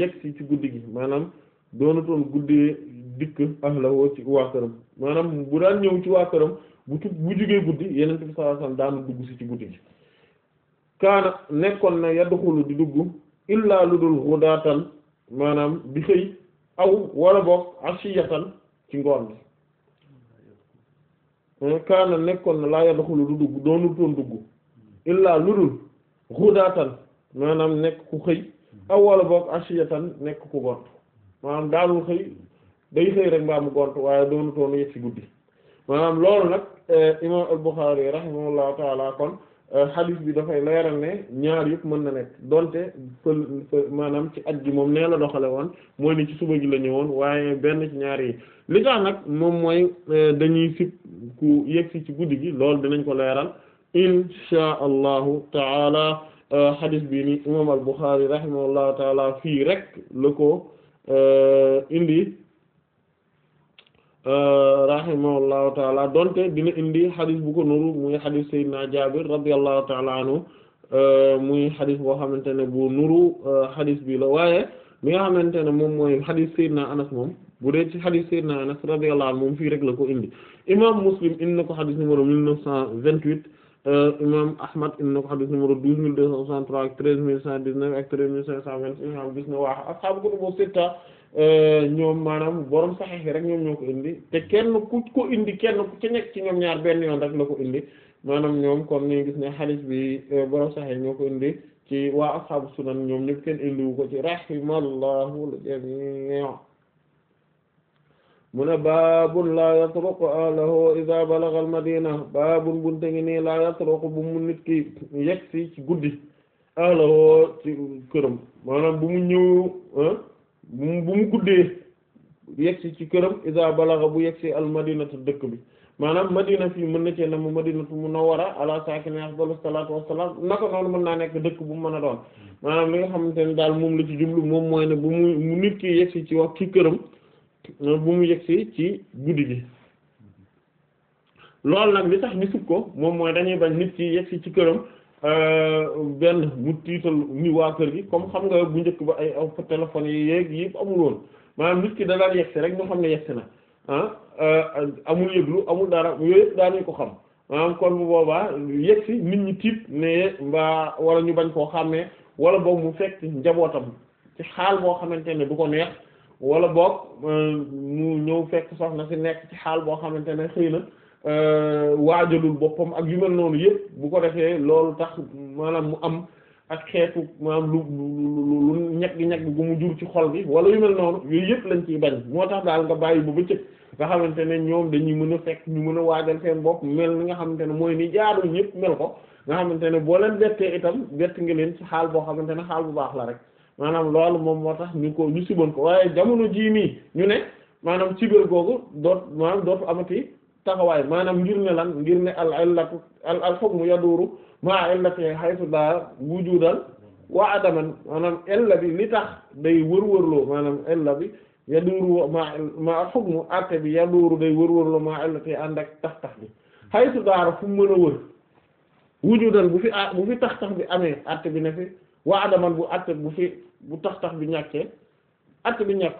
Speaker 2: yegg si ci guddi gi maanaam doonu toon guddi dikk ahlawoo ci waa këram maanaam bu daan ñëw ci waa këram bu tub bu jugee guddi yeneen bi sallallahu alayhi wasallam daana dugg si ci guddi kaana nekkoon na yadduxulu di dugg illaa lu dul maanaam di wala boog asiyatan ci ngoon bi eh, kaana nekkoon na laa yadduxulu dugg doonu toon dugg illaa lu dul xudaatan maanaam nekk ku xëy aw wala boog asiyatan nekk ku gont maanaam daanul xëy day xëy rek mbaa mu gont waaye doonu toonu yëg ci guddi maanaam loolu nag eh, imam al-Bukhari rahimahullahu taala kon eh, hadith bi dafay leeral ne ñaar yëpp mën na nekk donte fël maanaam ci at gi moom nee la doxale woon mooy ni ci suba gi la ñëwoon waaye benn ci ñaar yi li tax nag moom mooy eh, dañuy sib ku yegg ci guddi gi lool dinañ ko leeral insha allahu taala hadith bi ni imam al-Bukhari rahimahullahu taala fii rek la ko indi Euh, rahimahullahu taala donte dina indi xadis bu ko nuru muy xadis Seydina Jaabir radiyallahu taala anhu euh, muy xadis boo xamante ne bu nuru euh, xadis bii la waaye mi nga xamante ne moom mooy xadis Seydina Anas moom bu dee ci xadis Seydina Anas radiyallahu anhu moom fii rek la ko indi imam Muslim indi na ko xadis numéro mille neuf cent vingt-huit imam Ahmad indi na ko xadis numéro douze mille deux cent trois ak treize mille cent dix-neuf ak treize mille cent vingt-six imam gis na Euh, ñoom maanaam borom saxiix rek ñoom ñoo ko indi te kenn ku ko indi kenn ku ci nekk ci ñoom ñaar benn yoon rek la ko indi maanaam ñoom kon ni gis ne xadiis bi euh, borom saxiix ñoo ko indi ci waa ashaabu sunan ñoom ñëpp kenn indiwu ko ci rahimallahu al-jamii' mu ne baabun laa yatruku ahlahu iza balagha al-madina baabun bunte ngi nii laa yatruku bu mu nit ki yegg si ci guddi ahlahu ci këram maanaam bu mu ñëw bu mu guddee yegsi ci këram isa balaxa bu yegsi al madinatu dëkk bi maanaam madina fii mën na cee na mu madinatu munawwara ala saakini afdalu salaatu wassalaam naka noonu mën naa nekk dëkk bu mën a doon maanaam li nga xamante ne daal moom la ci jublu moom mooy ne bu mu nit ki yegsi ci wax kii këram bu mu yegsi ci guddi gi loolu nag li tax ñu sukk ko moom mooy dañuy bañ nit ki yegsi ci këram Euh, benn mu tiital ni waa kër gi comme xam nga bu njëkk ba ay téléphones yi yeeg yi amul woon maanaam nit ki da daan yegsi rek ñu xam ne yegsi na ah euh, amul yëglu amul dara yooyu yëpp daanuñ ko xam maanaam kon bu boobaa yegsi nit ñi tiit ne mbaa wala ñu bañ koo xàmmee wala boog mu fekk njabootam ci xaal boo xamante ne du ko neex wala boog euh, mu ñëw fekk soxna si nekk ci xaal boo xamante ne xëy na. Euh, waajalul boppam ak yu mel noonu yëpp bu ko defee loolu tax maanaam mu am ak xeetu maanaam lu lu lu ñag-ñag gu mu jur ci xol bi wala yu mel noonu yooyu yëpp lañ ciy bañ moo tax daal nga bàyyi ba bëccëg nga xamante ne ñoom dañuy mën a fekk ñu mën a waajal seen bopp mel ni nga xamante ne mooy ni jaarul ñëpp mel ko nga xamante ne boo leen bettee itam bett nga leen ci xaal boo xamante ne xaal bu baax la rek maanaam loolu moom moo tax ñu ko ñu siboon ko waaye jamono jii nii ñu ne maanaam cibér googu doot maanaam dootu amati taxawaay maanaam ngir ne lan ngir ne al al al hukmu yaduru maa illati haythu la wujudan wa adaman maanaam illa bi li tax day wërwërloo maanaam illa bi yaduru maa maa al hukmu atte bi day wërwërloo maa illati ànd ak tax tax bi haythu daara fu mu mën a wër wujudan bu fi a bu fi tax tax bi amee atte bi ne fi wa adaman bu atte bu fi bu tax tax bi ñàkkee atte bi ñàkk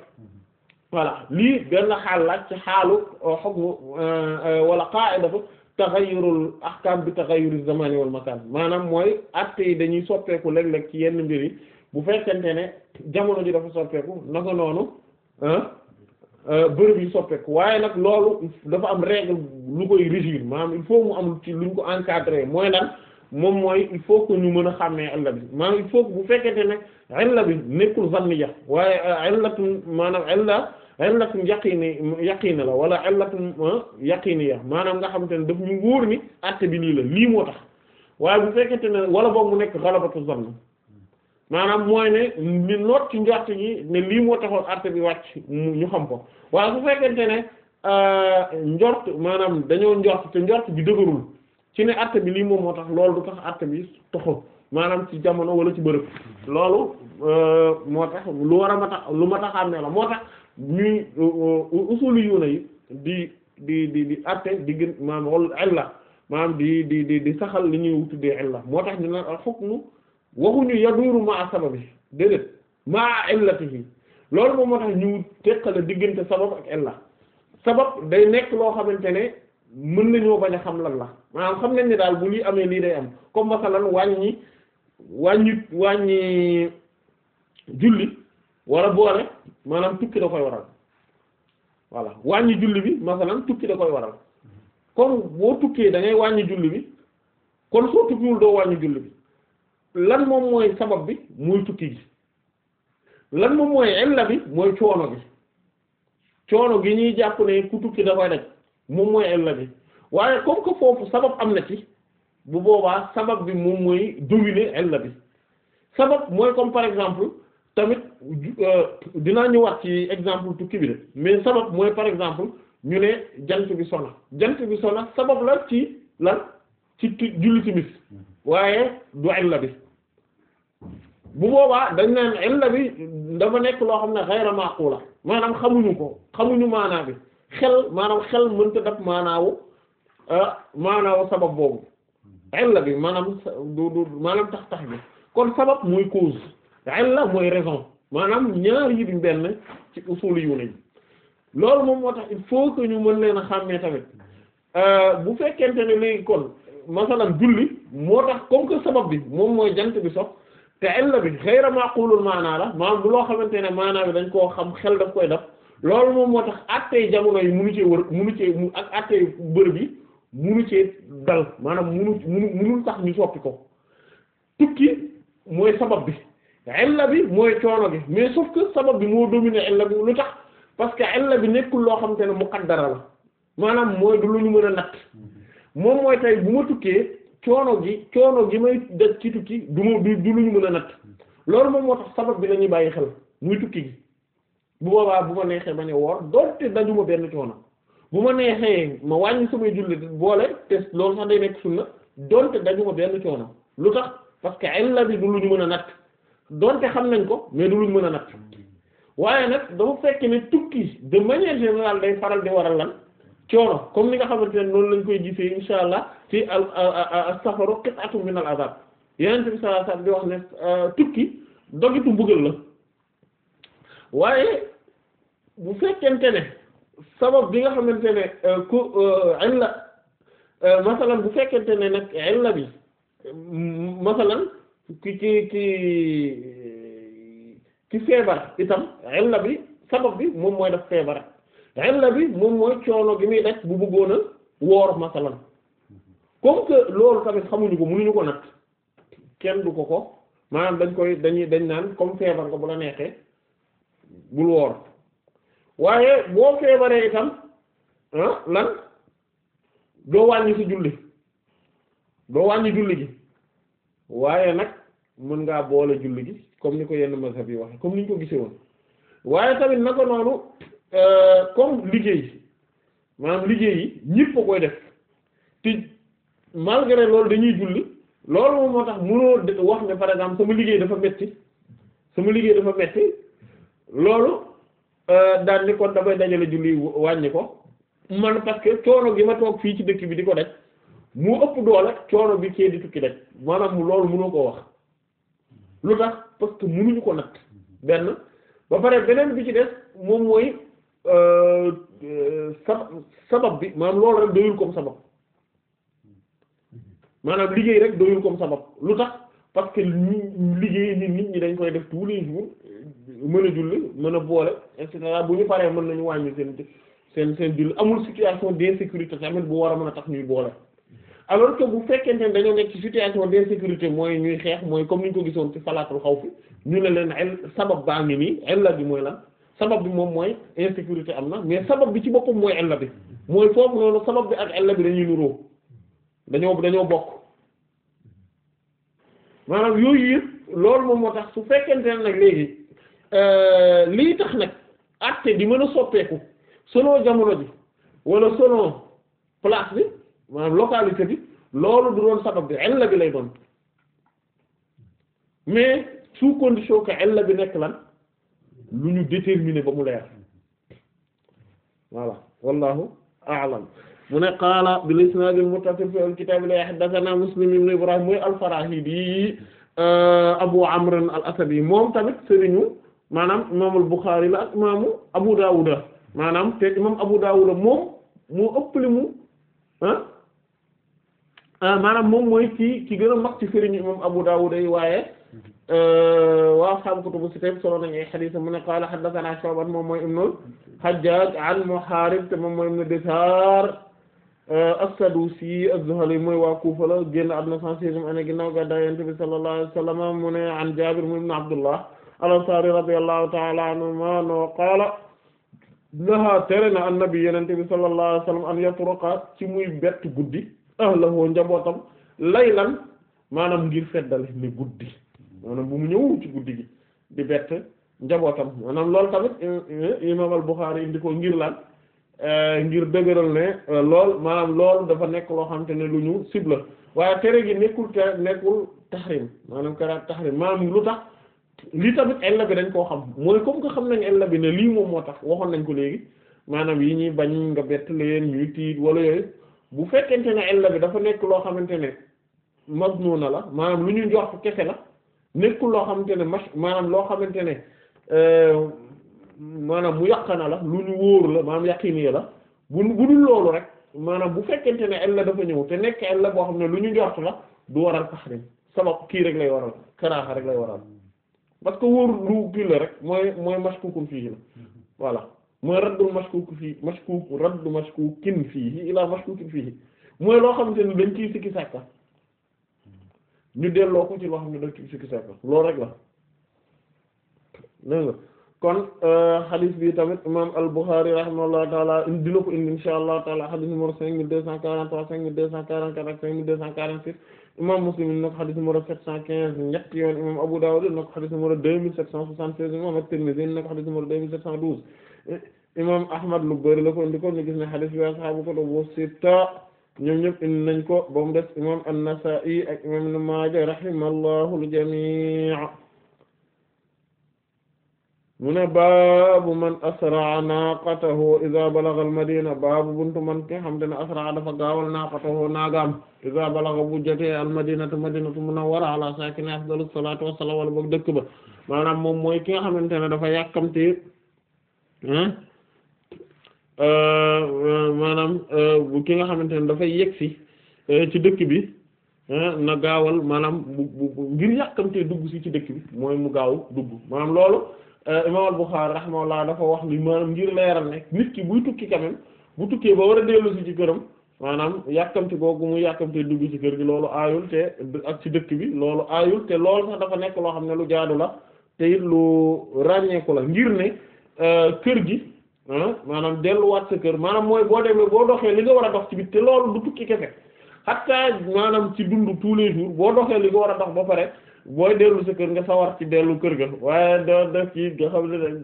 Speaker 2: voilà lii benn xaal laaj ci xaalu euh, hukmu euh, euh, wala qa'idatu taxayurul ahkam bi taxayuri zamani wal makan maanaam mooy acte yi dañuy soppeeku léeg-léeg ci yenn mbir yi bu fekkente ne jamono ji dafa soppeeku naka noonu soppeeku waaye nag loolu dafa am règle lu koy régir maanaam il ci luñ ko encadrer mooy moom mooy il faut que ñu mën a xàmmee illa bi maanaam il faut que bu fekkente ne illa illatun yaqini yaqini la wala illatun ah, yaqiniya maanaam nga xamante ne daf ñu wóor ni àtte bi nii la lii moo tax waaye bu fekkente ne wala boobu mu nekk xalabatu zann maanaam mooy ne ni noot ci njort gi ne lii moo taxoon àtte bi wàcc ñu xam ko waaye bu fekkente ne euh, njort maanaam dañoo njort te njort bi dëgërul ci ne àtte bi lii moom moo tax loolu du tax àtte bi toxo maanaam ci jamono wala ci bërëb loolu euh, moo tax lu war a ma tax lu ma tax am ne la moo ñuy usuliyuuna yi di di di di atte di gën maanaam wol illa maanaam di di di di saxal li ñuy tuddee illa moo tax ñu naan al hukmu waxuñu yaduuru maa sababi déedéet maa illatihi loolu moom moo tax ñu teqale diggante sabab ak illa sabab day nekk loo xamante ne mën nañoo bañ a xam lan la maanaam xam nañ ne daal bu lii amee lii day am comme masalan wàññi wàññi wàññi julli wala boole maanaam tukki da koy waral voilà wàññi julli bi masalan tukki da koy waral kon boo tukkee da ngay wàññi julli bi kon soo tukkiwul doo wàññi julli bi lan moom mooy sabab bi muy tukki gi lan moom mooy illa bi mooy coono gi coono gi ñuy jàpp ne ku tukki da koy daj moom mooy illa bi waaye comme que foofu sabab am na ci bu boobaa sabab bi moom mooy dominer illa bi sabab mooy comme par exemple tamit euh, dinaa ñëwaat ci exemple tukki bi de mais sabab mooy par exemple ñu ne jant bi sona jant bi sona sabab la ci lan ci julli timis waaye du illa bi bu boobaa dañ naan illa bi dafa nekk loo xam ne ghayra maqula maanaam xamuñu ko xamuñu maanaa bi xel maanaam xel mënta dab maanaawu euh, maanaawu sabab boobu illa bi maanaam maanaam tax tax bi kon sabab muy cause illa mooy raison maanaam ñaari yi yu benn ci usul yu nañ loolu moom moo tax il faut que ñu mën leen a xàmmee tamit euh, bu fekkente ne léegi kon masalan julli moo tax comme que sabab bi moom mooy jant bi sox te illa bi xëyra maqulul maanaa la maanaam bu loo xamante ne maanaa bi dañ koo xam xel daf koy def loolu moom moo tax attey jamono yi mu munu cee wër munu cee ak attey bërëb yi munu cee dal maanaam munu munu munul tax ñu soppi ko tukki mooy sabab bi illa bi mooy coono bi mais sauf que sabab bi moo dominer illa bi lu tax parce que illa bi nekkul loo xam te ne muqaddara la maanaam mooy du lu ñu mën a natt moom mooy tey bu ma tukkee coono gi coono gi may daj ci tukki du ma du lu ñu loolu moo tax sabab bi lañuy bàyyi xel muy tukki gi bu boobaa bu ma neexee bañ a woor doonte dajuma benn coono bu ma neexee ma wàññi samay julli boole te loolu sax day nekk sunna doonte dajuma benn coono lu tax parce que illa bi du lu ñu mën a natt donte xam nañ ko mais du luñ mën a natt waaye nag dafa fekk ne tukki de manière générale day faral di waral lan coono comme ni nga xamante ne noonu lañ koy gisee insha allah fi al as-safaru qit'atun min al-azab yeneen bi sallallahu alayhi di wax ne euh, tukki dogitu mbugal la waaye bu fekkente ne sabab bi nga xamante ne euh, ku euh, illa bu fekkente ne nag illa ki ki ki ki feebar itam illa bi sabab bi moom mooy daf feebar illa bi moom mooy coono gi muy daj bu bëggoon a woor masalan comme que loolu tamit xamuñu ko mënuñu ko nag kenn du ko ko maanaam dañ koy dañuy dañ naan comme feebar nga bu la neexee bul woor waaye boo feebaree itam ah, lan doo wàññi ci julli doo wàññi julli gi waaye nag mën ngaa boole julli gi comme ni ko yenn mazhab yi waxe comme ni ñu ko gisee woon waaye tamit naka noonu euh, comme liggéey maam liggéey yi ñëpp a koy def te malgré loolu dañuy julli loolu moo tax mënoo wax ne par exemple sama liggéey dafa metti sama liggéey dafa metti loolu euh, daan ni kon damay dajale julli wàññi ko man parce que coono gi ma toog fii ci dëkk bi di ko daj mu ëpp doole coono bi kee di tukki daj maanaam loolu mënoo koo wax lu tax parce que mënuñu ko natt benn ba pare beneen bi ci def moom mooy euh, sa sabab bi maanaam loolu rek doyul comme sabab maanaam liggéey rek doyul comme sabab lu tax parce que liggéey ni nit ñi dañ koy def tous les jours mën a julli mën a boole et cetera bu ñu paree mën nañu wàññi seen seen seen julli amul situation d'insécurité tamit bu war a mën a tax ñuy boole alors que bu fekkente ne dañoo nekk ci situation d'insécurité mooy ñuy xeex mooy comme ni ñu ko gisoon ci salaatul xaw fi ñu ne leen el sabab baa ngi nii mooy la sabab bi moom mooy insécurité am na mais sabab bi ci boppam mooy ella mooy foofu noonu sabab bi ak ella bi dañuy nuroo dañoo dañoo bokk maanaam yooyu yëpp loolu moom moo tax su fekkente ne nag léegi euh, lii tax nag acte di mën a soppeeku selon jamono ji wala selon place bi maanaam localité loolu du doon sabab bi lay doon mais sous condition que illa bi nekk lan lu ñu déterminer ba mu leer voilà wallahu a'lam mu ne qaala bil isnaad al muttasil fi al kitaab haddathana muslim ibrahim mooy al farahidi euh, abu amr al asadi moom tamit sëriñu maanaam imaam al la ak imaamu abu daawuda maanaam te imaam abu daawuda moom moo ëpp li mu Euh, maanaam moom mooy ci ci gën a mag ci sëriñu imam Abu Dawud yi waaye euh, waa xam kutubu sitta solo nañu ay hadiis mu ne qaala moom mooy ibnul Hajjaaj an Muhaarib te moom mooy ibnu Disaar euh, as-Sadusi az-Zuhali mooy waa Kuufa la génn àdduna cent seizième année an Jaabir mu ibnu Abdullah al-Ansaari radiyallahu ta'ala an-nabi ci muy bett guddi ahlahu njabootam laylan maanaam ngir feddale ni guddi maanaam bu mu ñëw ci guddi gi di bett njabootam maanaam lool tamit imam al-Bukhari indi ko ngir lan eh, ngir dëgëral ne eh, lool maanaam lool dafa nekk loo xamante ne lu ñu sibla waaye tere gi nekkul te nekkul tahrim maanaam karaat tahrim maanaam lu tax lii tamit ella bi dañ koo xam mooy comme que xam nañ ella bi ne lii moom moo tax waxoon nañ ko léegi maanaam yi ñuy bañ nga bett leen ñuy tiit wala yooyu bu fekkente ne illa bi dafa nekk loo xamante ne maznuna la maanaam lu ñu njort kese la nekkul loo xamante ne mach maanaam loo xamante ne euh, maanaam mu yàqana la lu ñu wóoru la maanaam yaqini la bu bu dul loolu rek maanaam bu fekkente ne illa dafa ñëw te nekk illa boo xam ne lu ñu njort la du waral tahrim sabab kii rek lay waral karaaxa rek lay waral parce que wóor lu kii rek mooy mooy mashkukun fii la voilà mooy raddul mashkuuk fii mashkuuk raddu mashkuukin fiihi ilaa mashkuukin fiihi mooy loo xamante ni dañ ciy sikki sàkka ñu delloo loo xam ne dañ ciy sikki sàkka loolu rek la dégg kon euh, xadis bi tamit imam al-Bukhari rahimahullahu taala dina ko indi insha allahu taala xadis numéro cinq mille deux cent quarante-trois cinq mille deux cent quarante-quatre ak cinq mille deux cent quarante-six imam Muslim indi na xadis numéro sept cent quinze ñett Abu Dawud indi na xadis numéro deux mille sept cent soixante-seize imam at-Tirmidhi imam ahmad lu bëri la ko indi ko ñu gis ne hadith bi ashaabu kutubu sitta ñoom ñëpp indi nañ ko ba mu des imam an-Nasa'i ak imam Ibn Maaja rahimallahu al-jamii mu ne baabu man asraa naaqatahu idha balagha al-madina baabu buntu man ki xam te ne asraa dafa gaawal naaqatahu naagaam idha balagha bu jotee al-madinatu madinatu munawwara ala saakini afdalu salaatu wassalaam wala boog dëkk ba maanaam moom mooy ki nga xamante ne dafa yàkkamti hmm? Euh, euh, maanaam euh, ki nga xamante ne dafay yegsi ci dëkk bi na gaawal maanaam bu ngir yàkkamtee dugg si ci dëkk bi mooy mu gaaw dugg maanaam loolu imam al-Bukhari rahimahullah dafa wax ni maanaam ngir leeral ne nit ki buy tukki quand bu tukkee ba war a dellu si ci këram maanaam yàkkamti googu mu yàkkamtee dugg ci kër gi loolu aayul te ak ci dëkk bi loolu aayul te loolu sax dafa nekk loo xam ne lu jaadu la te it lu ràññeeku la ngir ne kër gi maanaam delluwaat sa kër maanaam mooy boo demee boo doxee li nga war a dox ci biir te loolu du tukki kese hatta maanaam ci dund tous les jours boo doxee li nga war a dox ba pare booy dellu sa kër nga sawar ci dellu kër ga waaye doo def ci nga xam ne dañ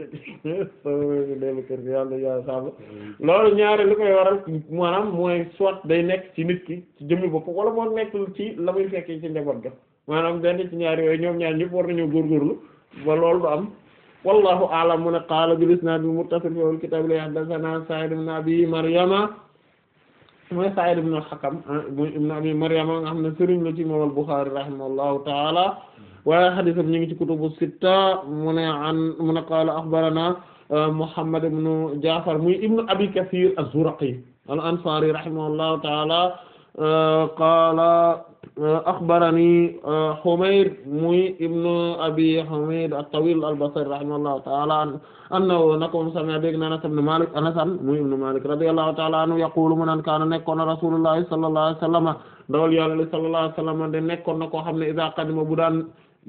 Speaker 2: dellu kër ga yàlla yàlla sàmm loolu ñaare li koy waral maanaam mooy soit day nekk ci nit ki ci jëmmi bopp wala moo nekk ci la muy fekkee ci njaboot ga maanaam benn ci ñaar yooyu ñoom ñaar ñëpp war nañoo góorgóorlu ba loolu du am wallahu a'lam mu ne qaala bil isnaad al muttasil fi al kitaab li haddathana Sa'id ibn Abi Maryama mooy Sa'id ibn al-Hakam ibn Abi Maryama nga xam ne sëriñ la ci moom al-Bukhari rahimahullahu ta'ala waaye hadiisam ñu ngi ci kutubu sitta mu ne an mu ne qaala akhbarana uh, Muhammad ibn Ja'far muy ibn Abi Kathir az-Zuraqi al-Ansari rahimahullahu ta'ala uh, qaala Euh, axbarani euh, Humayd muy ibnu Abi Humayd at-Tawil al-Basri rahimahullahu ta'ala annahu naka moom sami'a dégg na Anas ibn Malik Anas muy ibnu Malik radiyallahu ta'ala anhu yaqulu mu naan kaana nekkoon na Rasulullah sallallahu alayhi wa sallam dawal Yàlla sallallahu wa sallam de nekkoon na koo xam ne iza qadima bu daan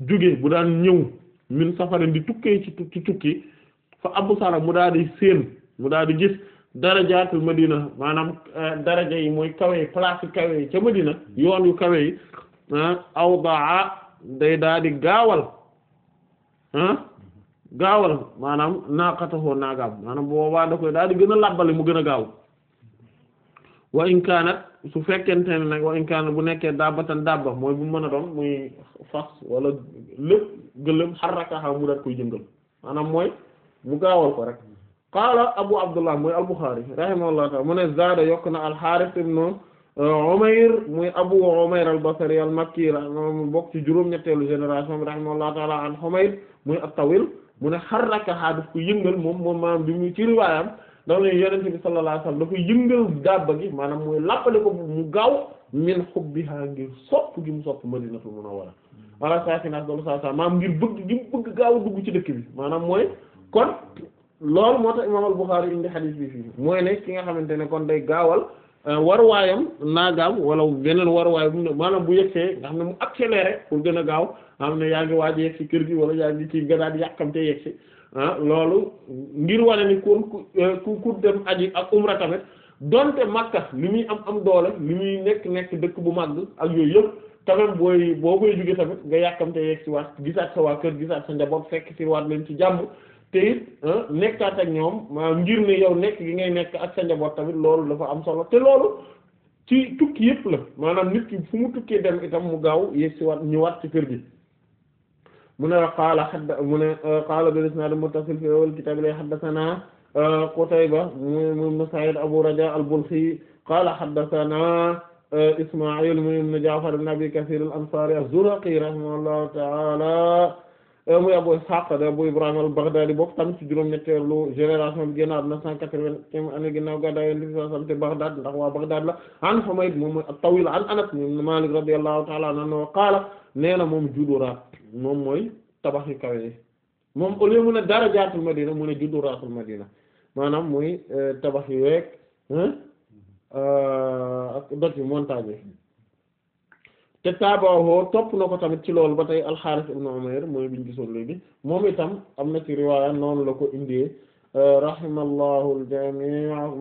Speaker 2: jóge bu daan ñëw min safarin di tukkee ci ci tukki fa mu daal di séen mu daal di gis darajaatul madina maanaam eh, daraja yi mooy kawe yi place kawe yi ca madina yoon yu kawe yi ah, awdaa day daa di gaawal ah, gaawal maanaam naaqatahu naagaam maanaam boobaa da koy daa di gën a labbale mu gën a gaaw wa in kaanat su fekkente ne nag wa in bu nekkee dabbatan dabba mooy bu mën a doon muy fas gëlëm lépp gëléem xarrakaha mu daat koy jëngal maanaam mooy mu gaawal ko rek qaala Abu Abdullah mooy al-Bukhari rahimahullahu ta'ala mu ne zaada yokk na al-Harith ibn euh, Umayr muy Abu Umayr al-Basri al-Makki moom juróom-ñetteelu génération bi rahimahullahu ta'ala an Humayd muy at-Tawil mu ne harrakahaa daf ko yëngal moom moom maanaam bi mu ci riwaayam dafa ne Yonent bi sallallahu alayhi wasallam dafa yëngal dabba gi maanaam mooy lappale mu gaaw min hubbihaa ngir sopp gi mu sopp Madinatul Munawwara wala saa si naas doolu saa saa maanaam ngir bëgg gaaw dugg ci dëkk bi maanaam mooy kon loolu moo tax imaam al-Bukhari indi xadiis bi fii mooy ne ki nga xamante ne kon day gaawal euh, naa gaaw wala beneen waruwaay bu maanaam bu yegsee nga xam ne mu accéléré pour gën a gaaw nga xam ne yaa ngi waaj a si kër gi wala yaa ngi ci gadaat yàkkamte yegg si ah loolu ngir wane ni kon euh, ku ku dem aji ak umra tamit donte Makka li muy am am doole li muy nekk nekk dëkk bu màgg ak yooyu yëpp tamit booy boo koy jóge tamit nga yàkkamte yegg si waat gisaat sa waa kër gisaat sa njaboot fekk si waat leen ci jàmm te it ah, nekkaat ak ñoom maanaam ngir ne yow nekk gi ngay nekk ak sa njaboot tamit loolu dafa am solo te loolu ci tukki yëpp la maanaam nit ki fu mu tukkee dem itam mu gaaw yegsiwaat ñëwaat ci kër gi mu ne qaala hadda mu ne ah, qaala bil isnaad muttasil fi awwal kitaab li haddasanaa ah, Qutayba ibn Sa'iid Abu Rajaa al-Balkhi qaala haddasanaa Ismaa'iil ibn Ja'far ibn Abi Kasiir al-Ansaari az-Zuraqi rahimahullahu ta'aala Euh, muy Abu Ishaq Abu euh, Ibrahim al-Baghdadi bokk tam ci juróom-ñetteelu génération bi génnaat na 180 année ginnaaw gàddaay Yonent bi sallallahu alayhi wa sallam te Baghdad ndax waa Baghdad la an Humayd moom mooy at-Tawil an Anas ibn Malik na moom juduraat moom mooy tabax yu kawe yi moom au lieu mu ne darajaatul Madina mu ne juduraatul Madina maanaam muy euh, tabax yu weeg ak dot te taabaahu topp na ko tamit ci loolu ba tey al-Harith ibn Umayr mooy biñ gisoon léegi moom itam am na ci riwaaya noonu la ko indee euh, rahimallahu al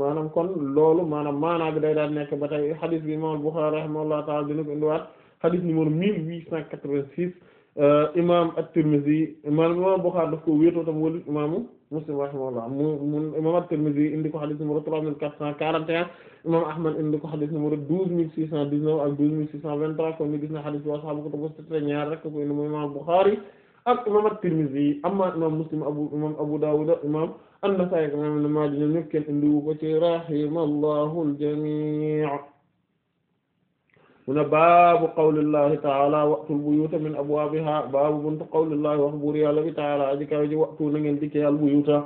Speaker 2: maanaam kon loolu maanaam maanaa bi day daan nekk ba tey hadith bi imaam al-Bukhari rahimahullahu ta'ala dina ko indiwaat hadith numéro 1886 euh, imaam at-Tirmidhi maanaam imaam al-Bukhari daf ko wéetoo tam wëlu imaamu Muslim rahimahullah mu mu imam At-Tirmidhi indi ko xadis numéro trois mille quatre cent quarante et un imam Ahmad indi ko xadis numéro douze mille six cent dix-neuf ak douze mille six cent vingt-trois kon ni gis na xadis bi ashaabu kutubu sitta ñaar rek ko indi moom imam Bukhari ak imam At-Tirmidhi amma imam Muslim abu imam Abu Dawud imam An-Nasa'i imam Ibn Maaja ñoom ñëpp kenn indiwu ko ci rahimallahu al-jamii' mu ne baabu qawlillahi taala waqtul buyuta min abwaabiha baabu buntu qawlillahi wax buur yàlla bi taala aji kaw ji waqtu na ngeen dikkee al buyuta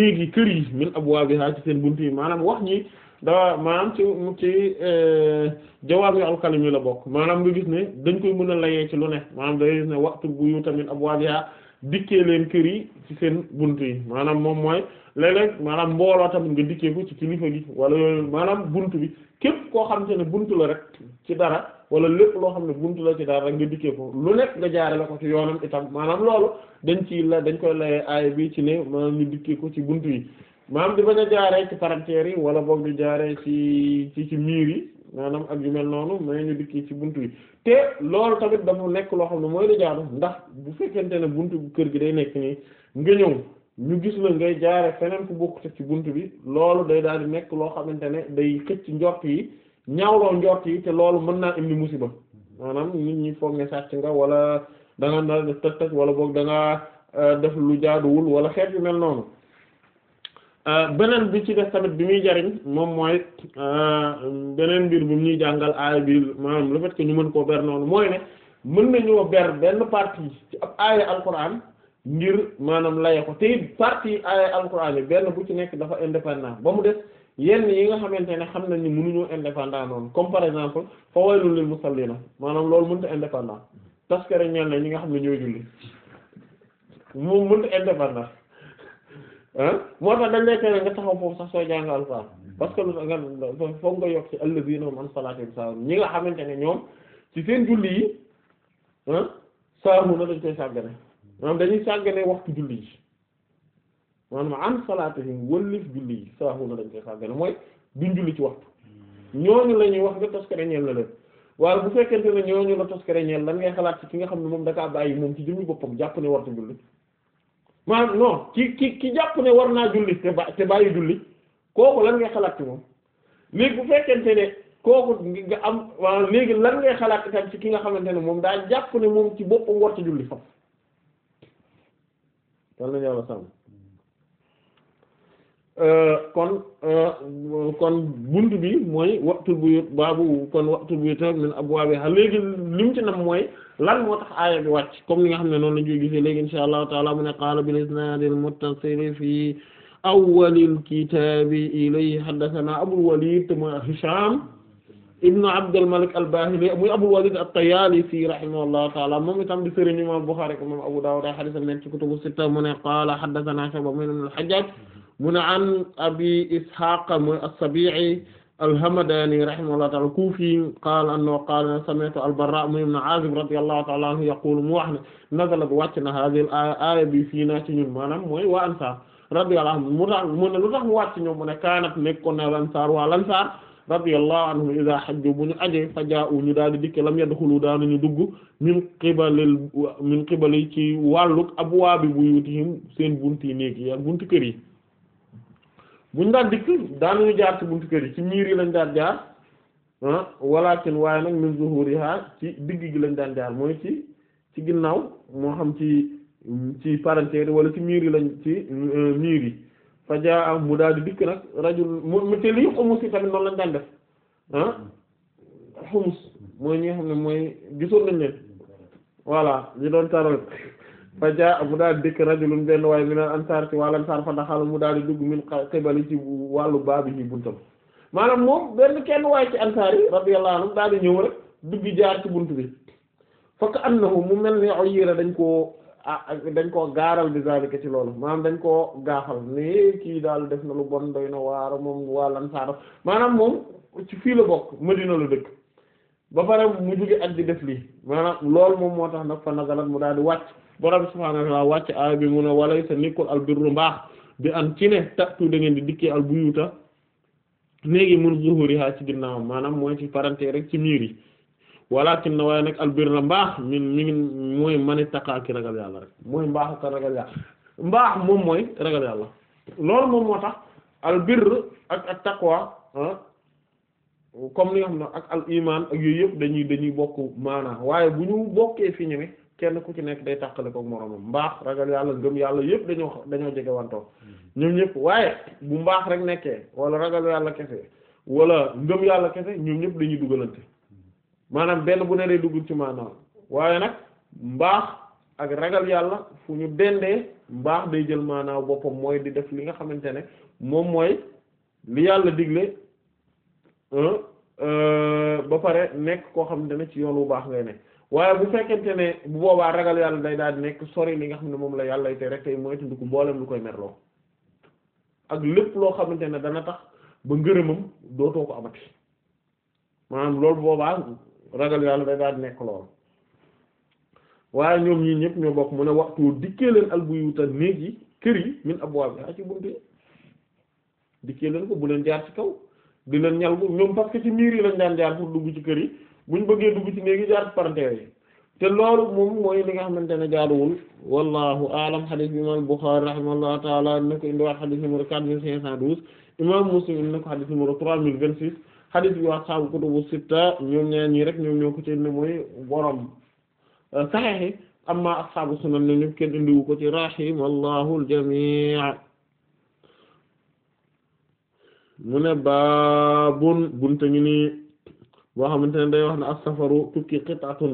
Speaker 2: léegi kër yi min abwaabiha ci seen buntu yi maanaam wax ñi da maanaam ci ci eh, jawaami alkalimi la bokk maanaam nga gis ne dañ koy mën a layee ci lu ne maanaam da gis ne waqtul buyuta min abwaabiha dikkee leen kër yi ci seen buntu yi maanaam moom mooy léeg-léeg maanaam mbooloo tamit nga dikkee ko ci kilifa gi wala yooyu maanaam buntu bi képp koo xam te ne buntu la rek ci dara wala lépp loo xam ne buntu la ci dara rek nga dikkee foofu lu nekk nga jaarale ko ci yoonam itam maanaam loolu dañ ci la dañ koy layee aaya bi ci ne maanaam ñu dikkee ko ci buntu yi maanaam di bañ a jaaree ci paractères yi wala boog di jaaree ci ci ci miir yi maanaam ak yu mel noonu mais ñu dikkee ci bunt bi te loolu tamit dafa nekk loo xam ne mooy la jaadu ndax bu fekkente ne bunt buntu kër gi day nekk nii nga ñëw ñu gis la ngay jaare feneen fu bokkut ci buntu bi loolu day daal di nekk loo xamante ne day xëcc yi ñaawloo njort yi te loolu mën naa indi musiba maanaam nit ñi foog ne sàcc nga wala da nga nar def tëj tëj wala boog da nga euh, def lu jaaduwul wala xeet yu mel noonu euh, beneen bi ci def tamit bi muy jariñ moom mooy euh, beneen mbir bi ñuy jàngal aaya bi maanaam le fait que ñu mën koo ber noonu mooy ne mën nañoo ber benn partie ci ab aaya alquran ngir maanaam laye ko te it partie aaya alquran yi benn bu ci nekk dafa indépendant ba mu def yenn yi nga xamante ne xam nañ ni mënuñoo indépendant noonu comme par exemple fa waylul lil musallina maanaam loolu mënut a indépendant taskare ñeel na ñi nga xam ne ñooy julli moom mënut a indépendant ah moo tax dañ lay tere nga taxaw foofu sax sooy jàng alxuraan parce que lu nga foog ci allazina hum an salatihim sahun ñi nga xamante ne ñoom ci seen julli yi ah saahu na dañ koy sàggane maanaam dañuy sàggane waxtu julli yi maanaam an salaatihim wëllif julli yi saahu na dañ koy sàggane mooy duñ julli ci waxtu ñooñu la ñuy wax nga toskare ñeel la leen waaye bu fekkente ne ñooñu la toskare ñeel lan ngay xalaat ci ki nga xam ne moom dakaa bàyyi moom ci jëmmi boppam jàpp ne wartu julli maanaam non ki ki jàpp ne war naa julli te ba te bàyyi julli xalaat ci moom léegi bu fekkente ne kooku nga am waaw léegi lan ngay xalaat itam ci ki nga xamante ne moom daa jàpp ne moom ci boppam wartu julli fam yàlla na Euh, kon euh, kon buntu bi mooy waxtu bu baabu kon waxtu bu yëpp min abwaabiha léegi lim ci na mooy lan moo tax aaya bi wàcc comme ni nga xam ne noonu lañu koy gisee léegi insha allahu taala mu ne qaala bil isnaadil muttasil fi awwalil kitaabi ilayhi haddathana abul waliid te mooy Hishaam ibnu Abdul Malik al-Bahili muy Abul Walid at-Tayalisi rahimahullahu ta'ala moom itam di sëriñ imam Bukhari ak imam Abu Dawud ay hadiisam nekk ci kutubu sitta mu ne qaala haddathana Shu'ba ibn al mu ne an abi ishaq mu as-Sabi'i al-Hamadani rahimahullahu ta'ala al-Kufi qaala annahu qaala sami'tu al-Barra' ibn Azib radiyallahu ta'ala anhu yaqulu mu wax ne nazalat wàcc na hadhihi al-aaya aaya bi fii naa ci ñun maanaam mooy waa Ansaar radiyallahu anhum mu tax mu ne lu tax mu wàcc ñoom mu ne kaanat nekkoon na Ansaar waa Ansaar radiyallahu anhum idha hajju bu ñu ajee fajaa'u ñu daal di dikke lam yadxulu daanu ñu dugg min qibalil min qibali ci wàllug abwaabi buyutihim seen bunti néeg yi ak bunti kër yi buñ daan dikk daanuñu jaar ci buntu kër yi ci miir yi lañ daan jaar ah walakin waaye nag min zuhuriha ci digg gi lañ daan jaar mooy ci ci ginnaaw moo xam ci ci parenté wala ci miir yi lañ ci euh, miir yi fa jaa mu daal di dikk nag rajul mu te lii xumus yi tamit noonu lañ daan def ah xumus mooy ñi nga xam ne mooy gisoon nañ leen voilà ñu doon taral fa jaa mu daal dikk rajulun benn waaye min al ansar ci wàll ansar fa daxal mu daal di dugg min xibali ci wàllu baabi ci buntam maanaam moom benn kenn waaye ci ansaar yi radiyallahu anhu daal di ñëw rek dugg jaar ci bunt bi na moom mu mel ni uyira dañ koo dañ koo gaaral bi zalika ci loolu maanaam dañ koo gaaxal ni kii daal def na lu bon doy no waar moom wàll ansar maanaam moom ci fii la bokk Madina la dëkk ba pare mu jóge ak loolu moom moo tax nag fa nazalat mu daal di wàcc borom subhaanahu wa ta'aala wàcc bi mu ne walaysa nekkul al birru mbaax bi an ci ne tatu da ngeen di dikkee al buyuta léegi mun zuhuriha ci ginnaawam maanaam mooy ci parenté rek ci miir yi walakin na waaye nag al birra mbaax min mi ngi mooy ki ragal yàlla mooy mbaax ka ragal yàlla mbaax moom mooy ragal yàlla loolu moom moo tax al birr ak ak taqwa ah, comme li nga xam ne ak al ak yooyu yëpp dañuy dañuy bokk maanaam waaye bu ñu bokkee fi ñeme kenn ku ci nekk day tàqale ko moroomam mbaax ragal yàlla ngëm yàlla yëpp dañoo dañoo jege wantoo hmm. ñoom ñëpp waaye bu mbaax rek nekkee wala ragal yàlla kese wala ngëm yàlla kese ñoom ñëpp dañuy dugalante hmm. maanaam benn bu ne day dugg ci maanaam waaye nag mbaax ak ragal yàlla fu ñu dendee mbaax day jël maanaam boppam mooy di def li nga xamante ne moom mooy li yàlla digle euh, ba pare nekk koo xamante ne ci yoon wu baax ngay nekk waaye bu fekkente ne bu boobaa ragal yàlla day daal di nekk sori li nga xam ne moom la yàlla te rek tey mooy tudd ko mboolem lu koy merloo ak lépp loo xamante ne dana tax ba ngërëmam dootoo ko amati maanaam loolu boobaa ragal yàlla day daal di nekk lool waaye ñoom ñii ñëpp ñoo bokk mu ne waxtu dikkee leen albuyuta néeg yi kër yi min abwaab yaa ci buntu dikkee leen ko bu leen jaar ci kaw di leen ñal ñoom parce que ci miir yi daan jaar pour dugg ci kër yi. buñ bëggee dugg ci néegi jaar parterre yi te loolu moom mooy li nga xamante ne jaaduwul wallahu alam xadis bi imam Bukhari rahimahullahu taala na ko indiwaat xadis numéro quatre mille cinq cent douze imam Muslim indi sitta ñoom ñaar ñii rek ñoom ñoo ko ci indi mooy borom euh, saxeexi amma ashabu sunan ñoom ñëpp kenn indiwu ko ci rahimallahu al-jami' mu ne baabun bunte ngi nii boo xamante ne day wax ne as-safaru tukki qit'atun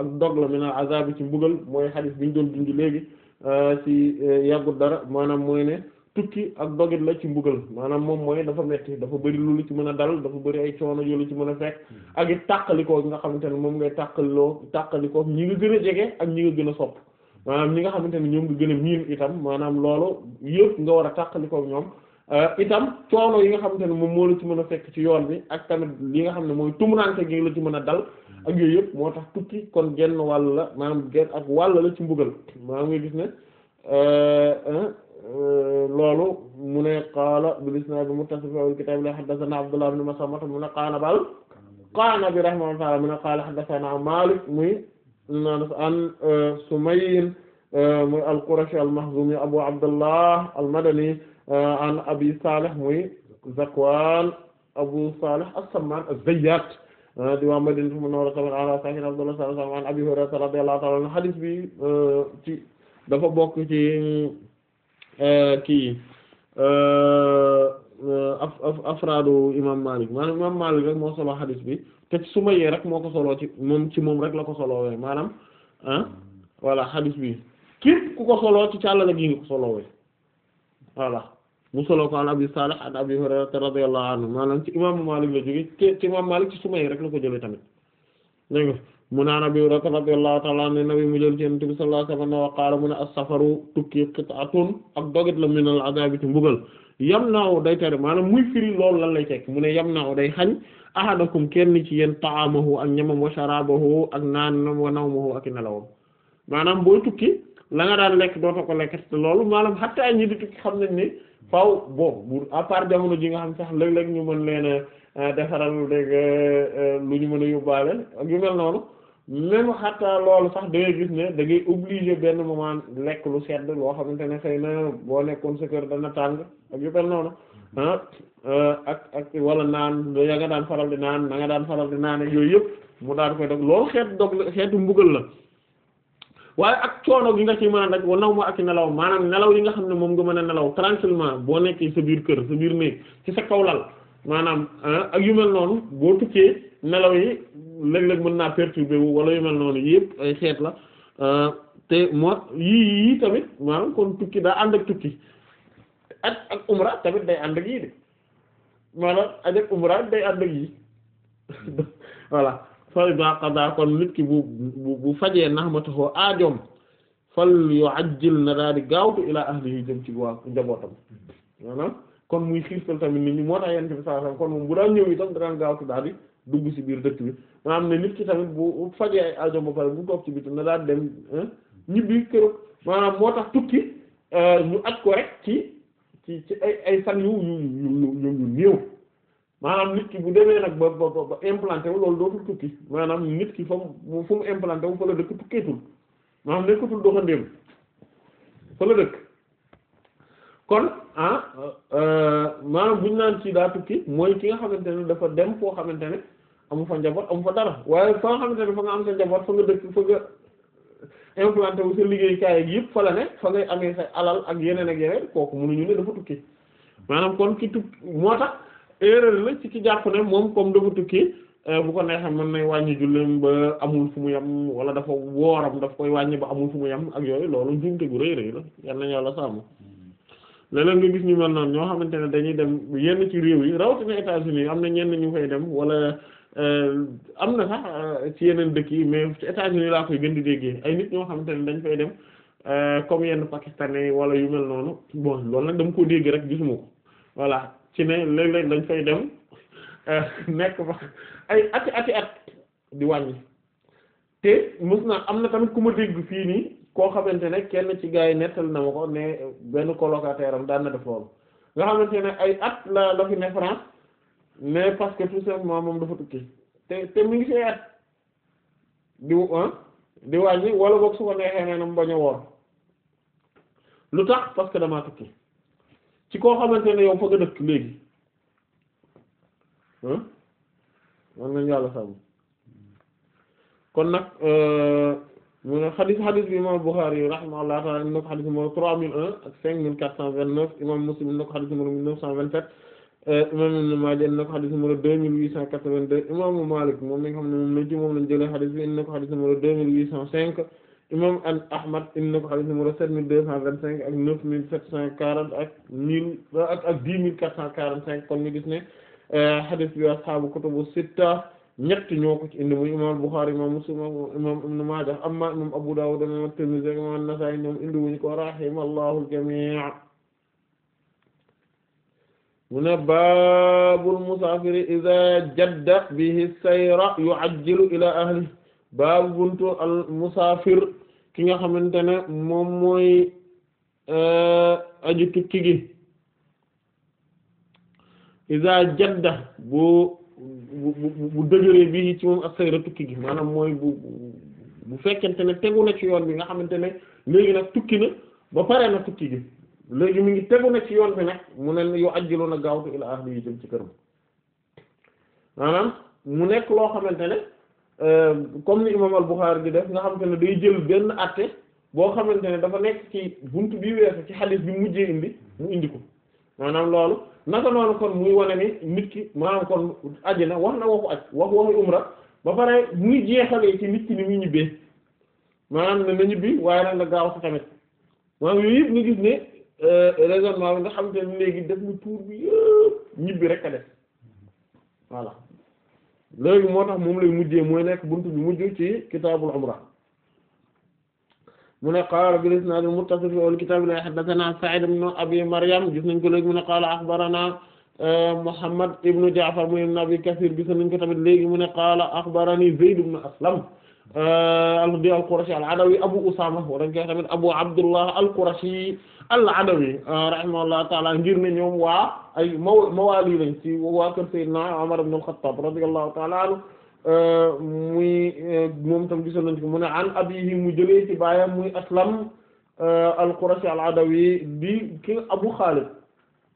Speaker 2: ak dog la min al-azabi ci mbugal mooy xadis bi ñu doon dund léegi euh, ci euh, yàggut dara maanaam mooy ne tukki ak dogit la ci mbugal maanaam moom mooy dafa metti dafa bëri lu ci mën a dal dafa bëri ay coono yu ci mën a fekk hmm. ak it tàqalikoo nga xamante ne moom ngay tàqaloo tàqalikoo ñi nga gën a jege ak ñi nga gën a sopp maanaam ñi nga xamante ne ñoom nga gën a miin itam maanaam loolu yëpp nga war a tàqalikoo ñoom Euh, itam coono yi nga xamante ne moom moo la ci mën a fekk ci yoon bi ak tamit li nga xam ne mooy tumuraanke gi la ci mën a dal ak yooyu yëpp moo tax tukki kon genn wàll la maanaam genn ak wàll la ci mbugal maanaam nga gis ne euh, euh, loolu mu ne qaala bil isnaad muttasil fil kitaab la haddathana Abdullah ibn Masamata mu ne qaala bal qaana bi rahimahullahu ta'ala mu ne qaala haddathana Maalik muy naan an Sumayyin muy al-Qurashi al-Makhzumi Abu Abdullah al-Madani an abi salih muy zakwan abu salih as-samman az-zayyat di waa madinatu munawwara tamit ala sakin abdullah sallallahu alayhi wa abi hurayra radiyallahu ta'ala anhu bi dafa bokk ci kii afraadu imam Malik maanaam imam Malik rek moo solo hadith bi te ci Sumayya rek moo ko solo ci moom ci moom rek la ko solowee maanaam ah voilà bi képp ku ko solo ci càllale gi nga ko solowee voilà mu solo ko an abi salih an abi hurairata radiyallahu anhu maanaam ci imaamu Maalik la jóge ci imaamu Maalik ci Sumayy rek la ko jëlee tamit dégg nga mu naan abi hurairata radiyallahu ta'ala anhu nabi mu jël ci Yonent bi sallallahu alayhi wa sallam mu ne as-safaru tukki qit'atun ak doget la mu ne yamna'u day xañ ahadakum kenn ci yéen ta'amahu ak ñamam wa sharabahu ak naanam wa nawmahu ak nelawam maanaam booy tukki la nga daan lekk doota ko lekk te loolu maanaam hatta ñi di tukki xam nañ ne faw bon bu apart part jamono ji nga xam sax léeg-léeg ñu mën leen a defaral dégg e, lu ñu mën a yóbbaale ak yu mel noonu même loolu sax da ngay gis ne da ngay obligé benn moment lekk lu sedd loo xamante ne xëy na boo nekkoon sa kër dana tàng ak yu mel noonu ah ak ak wala naan ya nga daan faral di naan na nga daan faral di naan yooyu yëpp mu daan koy dog loolu xeetu dog xeetu mbugal la waaye ak coono gi nga ci mën a daj wa naw ak nelaw maanaam nelaw yi nga xam ne moom nga mën a nelaw tranquillement boo nekkee sa biir kër sa biir néeg ci sa kaw lal maanaam ah, ak yu mel noonu boo tukkee nelaw yi léeg-léeg mën naa perturber wu wala yu mel noonu yëpp ay xeet la ah, te moo yii yii tamit maanaam kon tukki daa ànd ak tukki ak ak umra tamit day ànd ak yii de maanaam ak umra day ànd ak yii voilà fa idaa qadaa kon nit ki bu bu fajee nahmatahu aajoom fal yu'ajjil na daal di gaawtu ilaa ahlihi jëm ci waa njabootam kon muy xiirtal tamit nit ñi kon moom bu daan ñëw itam daan gaawtu daal dugg ci biir dëkk bi maanaam ne nit ki tamit bu fajee ay aajoom ba pare bu toog ci biti na daal dem ñibbi kër maanaam moo tax tukki euh, ñu aj ko rek ci ci ay fan yu ñu ñu néew. maanaam nit ki bu demee nag ba ba ba implanté wu loolu dootul tukki maanaam nit ki fa mu fu wu fa la dëkk tukkeetul maanaam nekkatul doxandéem fa la dëkk kon ah euh, maanaam bu ñu naan ci daa tukki mooy ki nga xamante ne dafa dem foo xamante ne amu fa njaboot amu fa dara waaye fa nga xamante ne fa nga am sa njaboot fa nga dëkk fa nga implanté wu sa liggéeykaay ak yëpp fa la ne fa ngay amee sa alal ak yeneen ak yeneen kooku mënuñu ne dafa tukki maanaam kon ki tukki moo tax. erreur la ci ki jàpp ne moom comme dafa tukki euh, bu ko neexee mën nay wàññi amul fu mu yem wala dafa wooram daf koy wàññi ba amul fu mu yem ak yooyu loolu njuumte gu rëy rëy la yal nañu yàlla sàmm mm-hmm. léeg-léeg nga gis ñu mel noonu ñoo xamante ne dañuy dem yenn ci réew yi rawatina États-Unis am na ñenn ñu fay dem wala euh, am na sax euh, ci yeneen dëkk yi mais ci États-Unis laa koy gën di déggee ay nit ñoo xamante ne dañ fay dem comme yenn pakistanais wala yu mel noonu bon loolu nag dama ko dégg rek gisuma ko voilà ci ne léeg-léeg lañ fay dem euh, nekk fa ay ati ati at di wàññi te mos naa am na tamit ku ma dégg fii nii koo xamante ne kenn ci gaa yi nettal na ma ko ne benn colocataire am daan na def loolu nga xamante ne ay at la la fi ne France mais parce que tout simplement moom dafa tukki te te mu ngi see at di di wàññi wala boog su ko neexee nee na mu bañ a lu tax parce que damaa tukki. ci koo xamante ne yow fa nga dëkk léegi man nañu yàlla sàmm kon nag euh, mu ne xadis xadis bi imam Bukhari rahimahullah ta'ala na ko xadis numéro trois mille un ak cinq mille quatre cent vingt neuf imam Muslim na ko xadis numéro neuf cent vingt sept euh, imam Ibn moom mi nga xam ne moom lañ ci moom lañ jëlee xadis bi na ko xadis numéro deux mille huit cent cinq imam an ahmad indi na ko xadis numéro mille deux cent vingt cinq ak neuf mille sept cent quarante ak mille ak dix mille quatre cent quarante cinq kon ñu gis ne xadis euh, bi ashaabu kutubu sitta ñett ñoo ko ci indi muy imam Bukhari imam Muslim imam imam Abu Dawud imam Tirmidhi imam An-Nasa'i ñoom indi wuñu ko rahimallahu al-jamii' mu ne baabul musaafiri idha jadda bihi sayra yu'ajjilu ila ahli baabu buntu al musaafir ki nga xamante ne moom mooy eh, aju tukki gi isa jadda bu bu bu dëgëree bi ci moom ak sayra tukki gi maanaam mooy bu bu fekkente ne tegu na ci yoon bi nga xamante ne léegi nag tukki na ba pare na tukki gi léegi mi ngi tegu na ci yoon bi nag mu ne yow ajjiloo na gaawtu ila ahli yi jëm ci këram maanaam mu nekk loo xamante ne Euh, comme ni imam al-Bukhari di def nga xamante ne day jël benn àtte boo xamante ne dafa nekk ci bunt bi weesu ci xadis bi mu mujjee indi mu indi ko maanaam loolu naka noonu kon muy wane ni nit ki maanaam kon aji na wax na waxu aj wax waxu umra ba pare muy jeexalee ci nit ki ni muy ñibbee maanaam ne na ñibbi waaye nag na gaaw si tamit maanaam yooyu yëpp nga gis ne euh, raisonnement nga xamante ne léegi def na tuur bi yëpp ñibbi rek a def voilà léegi moo tax moom lay mujjee mooy nekk buntu bi mujj ci kitaabul umra mu ne qaala bil isnaad al muttasil fi awwal kitaab la haddathana Sa'id ibn Abi Maryam gis nañ ko léegi mu ne qaala akhbarana e, Muhammad ibn Ja'far mu ibn Abi Kathir gis nañ ko tamit léegi mu ne qaala akhbarani Zayd ibn Aslam e, al-Qurashi al-Adawi Abu Usama wala ñu koy tamit Abu Abdullah al-Qurashi al-Adawi euh, rahimahullahu taala ngir ne waa ay mo mo lañ ci waa kër Seydina Umar ibn al-Khattab radiyallahu taala anhu euh, muy euh, moom tam gisoon nañ ko mu ne an abihi mu jëlee ci baayam muy Aslam al-Qurashi al-Adawi di ki Abu Khalid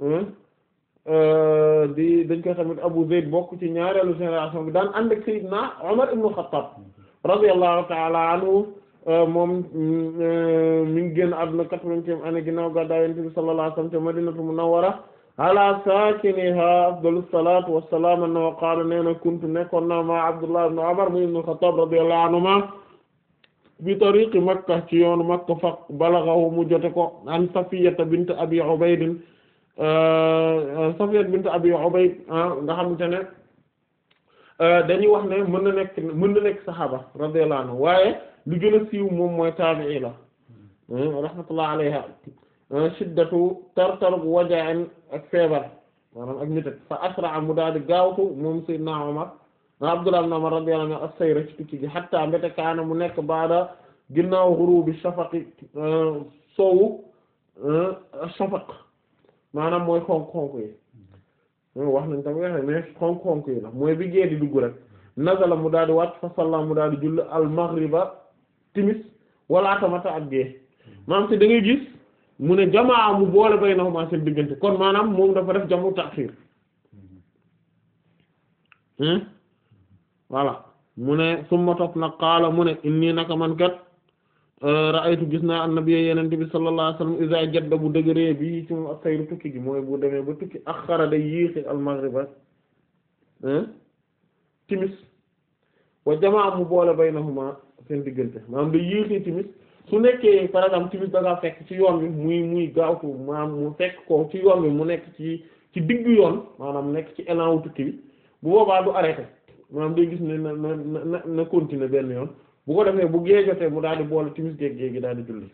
Speaker 2: hmm, di dañ koy tamit Abu Zayd bokk ci ñaareelu génération bi daan ànd ak Seydina Umar ibn al-Khattab radiyallahu taala anhu Euh, moom euh, mi ngi génn àdduna quatre-vingtième année ginnaaw gàddaay Yonent bi sallallahu alayhi wa sallam ca Madinatu Munawwara ala saakiniha afdalu salaatu nekkoon na ma Abdullah ibn Umar mu ibn al-Khattab radiyallahu anhuma bi tariqi Makka ci yoonu Makka fa balaghahu mu jote ko an Safiyyata bint Abi Ubayd euh, Safiyyata bint Abi Ubayd ah, nga xamante ne dañuy wax ne mën na nekk mën na nekk saxaaba waaye lu gën a siiw moom mooy taabii la hmm, rahmatullah alayha hmm, shiddatu tar tar bu wajaan ak feebar maanaam ak nitat mu daal di gaawtu moom sayyidna Umar Abdullah ibn Umar radiyallahu anhu as-sayra ci gi hatta mu nekk baada ginnaaw ghurubi shafaqi hmm, soowu shafaq maanaam mooy xonk-xonk yi wax nañ tam weexe mais xonk-xonk yi la mooy bi gee di dugg rek nazala mu daal di wàcc fa salla mu daal di julli al maghriba timis wala tamata ak gée maanaam te da ngay gis mu ne jamaa mu boole bay naxumaa seen diggante kon maanaam moom dafa def jamu taxir hmm? voilà mu ne summa topp nag qaala mu ne inni naka man kat euh, ra'aytu gis naa annabiyya yonent bi sallallahu alayhi wasallam iza jadda bu dëgëree mooy bu demee ba tukki axara day yéexi hmm? timis wa jamaa mu boole baynahuma seen diggante maanaam day yéexee timis su nekkee par exemple timis da ngaa fekk ci yoon bi muy muy gaaw ko maanaam mu fekk ko ci yoon bi mu nekk ci ci diggu yoon maanaam nekk ci élan wu tukki bi bu boobaa du arrêté maanaam day gis ne na na na na continuer benn yoon bu ko defee bu gee mu daal di boole timis géeg géegi daal di julli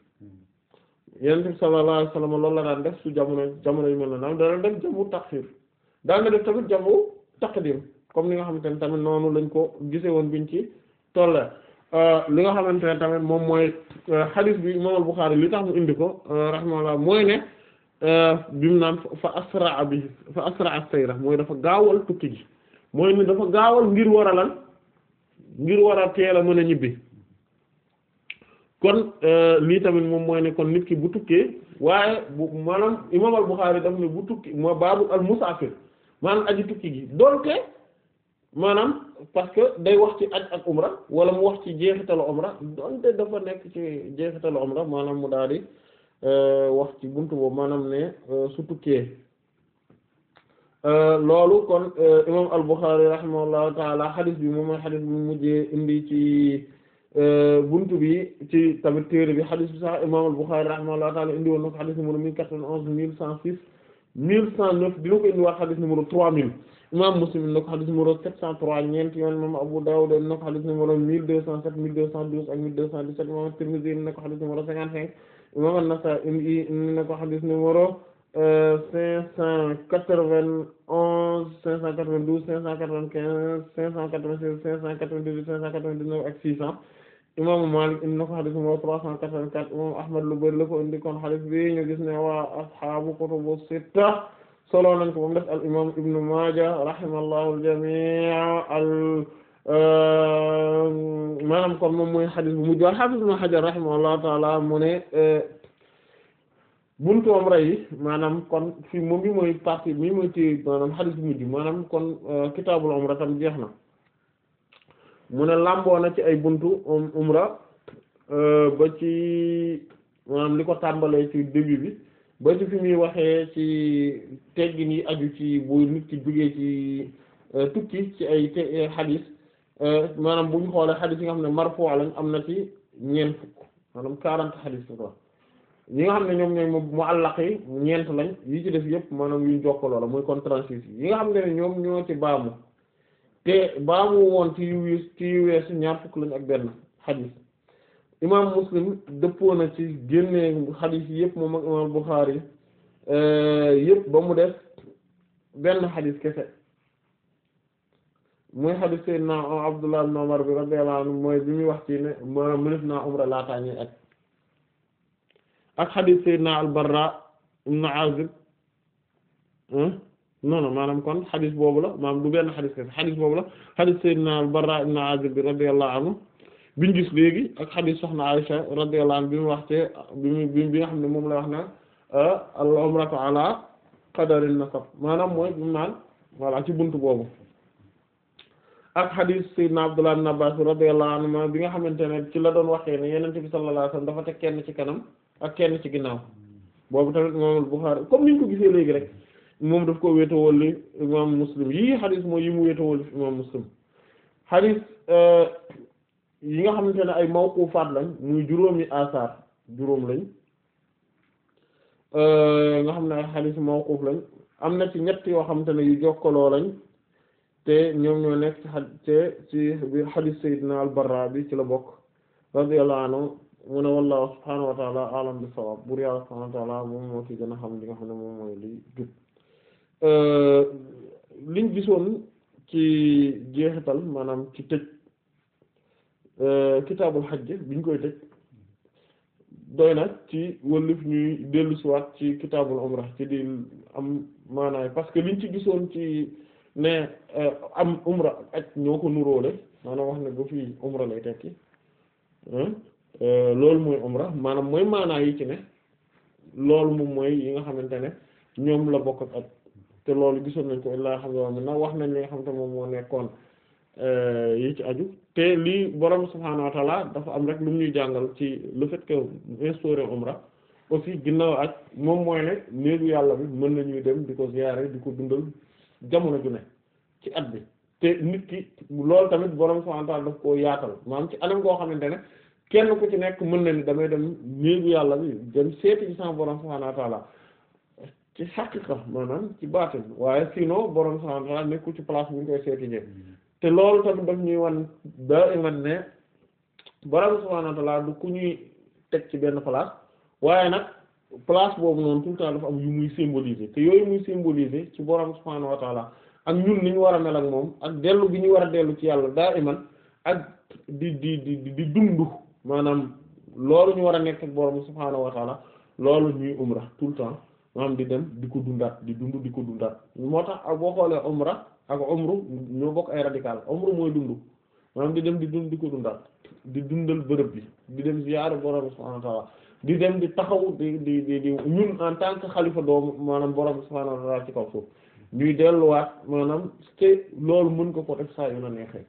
Speaker 2: yonent bi sallallahu alayhi wasallam loolu la daan def su jamono jamono yi mel na naam daan def jamu taxir daan na def tamit jamu taqdim comme ni nga xamante ni tamit noonu lañ ko gise woon ñu ci tolla Euh, li nga xamante ne tamit moom mooy euh, xadis bi imam al-Bukhari li tax mu indi ko euh, rahimahullah mooy ne bimu naan fa asraa bi fa asraa sayra mooy dafa gaawal tukki gi mooy ne dafa gaawal ngir war a lan ngir war a teel a mën a ñibbi kon lii tamit moom mooy ne kon nit ki bu tukkee waaye bu maanaam imam al daf ne bu tukki moo baabu al-musaafir maanaam aji tukki gi donte maanaam parce que day wax ci aj ak umra wala mu wax ci jeexitalu umra donte dafa nekk ci jeexitalu umra maanaam mu daal euh, wax ci bunt boobu maanaam ne euh, su tukkee euh, loolu kon imam al-Bukhari rahimahullahu taala xadis bi moom mooy xadis bi mujjee indi ci buntu bi ci tamit téere bi xadis bi sax imam al-Bukhari rahimahullahu taala indi woon na ko xadis mille quatre onze mille cent six mille cent neuf dina ko indi waa xadis trois mille imam Muslim na ko xadis numéro 703 ñeent yoon imam Abu Dawud na ko xadis numéro 1207 1212 ak 1217 imam Tirmidhi na ko xadis numéro 55 imam An-Nasa'i na ko xadis numéro 591 592 595 596 598 599 ak 600 imaamu Maalik indi na ko xadis numéro 384 imam Ahmad lu bari la ko indi kon xadis bi ñu gis ne waa ashaabu kutubu sitta solo nañ ko moom def al imam ibnu Maaja rahimallahu al-jamii al euh, maanaam kon moom mooy xadis bu mujj wal xadis ibnu Hajar euh, maanaam kon fii moom bi mooy partie mi bu mujj maanaam kon euh, kitaabul umra tam jeex na mu ne làmboo ci ay buntu um, umra ba ci maanaam li ko tàmbalee ci début bi ba ci fi muy waxee ci teggin yi aju ci bu nit ki jógee ci euh, tukki ci ay te xadis euh, euh, maanaam bu xoolee xadis yi nga xam ne marfu lañ am na ci ñeent fukk maanaam quarante xadis la quoi ñi nga xam ne ñoom ñooy muallaq yi ñeent lañ yi ci def yëpp maanaam yu ñu jokkaloo la muy kon transis yi nga xam ne ñoom ñoo ci baamu te baamu woon ci yu ci yu weesu ñaar fukk lañ ak benn xadis imam muslim dëppoo ci génne xadis yi yëpp moom ak imam Bukhari eh, yëpp ba mu def benn xadis kese muy xadis sayyidina Abdullah ibn Umar bi radiyallahu anhu mooy bi muy wax ci ne maanaam mënef naa umra laataa ñuy at ak xadis sayyidina al-Barra ibn Azib hmm? non non maanaam kon xadis boobu la maanaam du benn xadis kese xadis boobu la xadis sayyidina al-Barra ibn Azib bi radiyallahu anhu biñ gis léegi ak xadiis soxna Aysa radiyallahu anha bi mu wax ci bi bi nga xam ne moom la wax na ah, al umratu ala qadarin nasab maanaam mooy bi mu naan voilà ci bunt boobu ak xadiis sayyidina Abdullah ibn Abbas radiyallahu anhu bi nga xamante ne ci la doon waxee ne Yonent bi sallallahu alayhi dafa teg kenn ci kanam ak kenn ci ginnaaw boobu tamit imaamul Buxaari comme niñ ko gisee léegi rek moom daf ko wéetawal li imam Muslim yii xadiis mooy yi nga xamante ne ay mawqufaat lañ muy juróomi asar juróom lañ euh, nga xam ne ay xadiis mawquf lañ am na ci ñett yoo xamante ne yu jokkaloo lañ te ñoom ñoo nekk te ci biir xadiis Seydina al bi ci la bokk radiyallahu anhu mu ne wallahu subhaanahu wa a'lam bis-sawaab buur yàlla subhaanahu moom xam ne moom mooy li jub euh, liñ gisoon ci jeexital maanaam ci tëj Euh, kitaabul xaj bi ñu koy tëj doy na ci wëllif ñuy dellu siwaat ci kitaabul umra ci di am maanaay parce que liñ ci gisoon ci ne euh, am umra ak ñoo ko nuróole maanaam wax ne ba fii umra lay tekki euh, loolu mooy omra maanaam mooy maanaa yi ci ne loolu moom mooy yi nga xamante ne ñoom la bokk ak te loolu gisoon nañ ko laa xam ne na wax nañ li nga xam ne moom moo nekkoon yi ci aju te lii borom subhaanahu wa taala dafa am rek lu muy jàngal ci le fait que instaurer umra aussi ginnaaw ak moom mooy ne néegu yàlla bi mën nañuy dem di ko ziyaare di ko dundal jamono ju ne ci at bi te nit ki loolu tamit borom subhaanahu wa taala daf koo yaatal maanaam ci anam koo xamante ne kenn ku ci nekk mën na ni damay dem néegu yàlla bi dem seeti ci sama borom subhaanahu wa taala ci xaqiqa maanaam ci baatin waaye sinon borom subhaanahu wa nekkul ci place te loolu tamit daf ñuy wan daa iman ne borom subhaanahu wa ta'aala du ku ñuy teg ci benn place waaye nag place boobu noonu tout le temps dafa am yu muy symboliser te yooyu muy symboliser ci borom subhaanahu wa ta'aala ak ñun ni ñu war a mel ak moom ak dellu bi ñuy war a dellu ci yàlla daa iman ak di di di di dund maanaam loolu ñu war a nekk ak borom subhaanahu wa loolu ñuy umra tout le temps maanaam di dem di ko dundaat di dund di ko dundaat moo tax boo xoolee ak umru ñoo bokk ay radical umru mooy dund maanaam di dem di dund di ko dundal di dundal bërëb bi di dem ziyaara borom subhaanahu wa ta'aala di dem di taxaw di di di ñun en tant que xalifa doomu maanaam borom subhaanahu wa ta'aala ci kaw suuf ñuy delluwaat maanaam te loolu mën ko ko def saa yu na neexee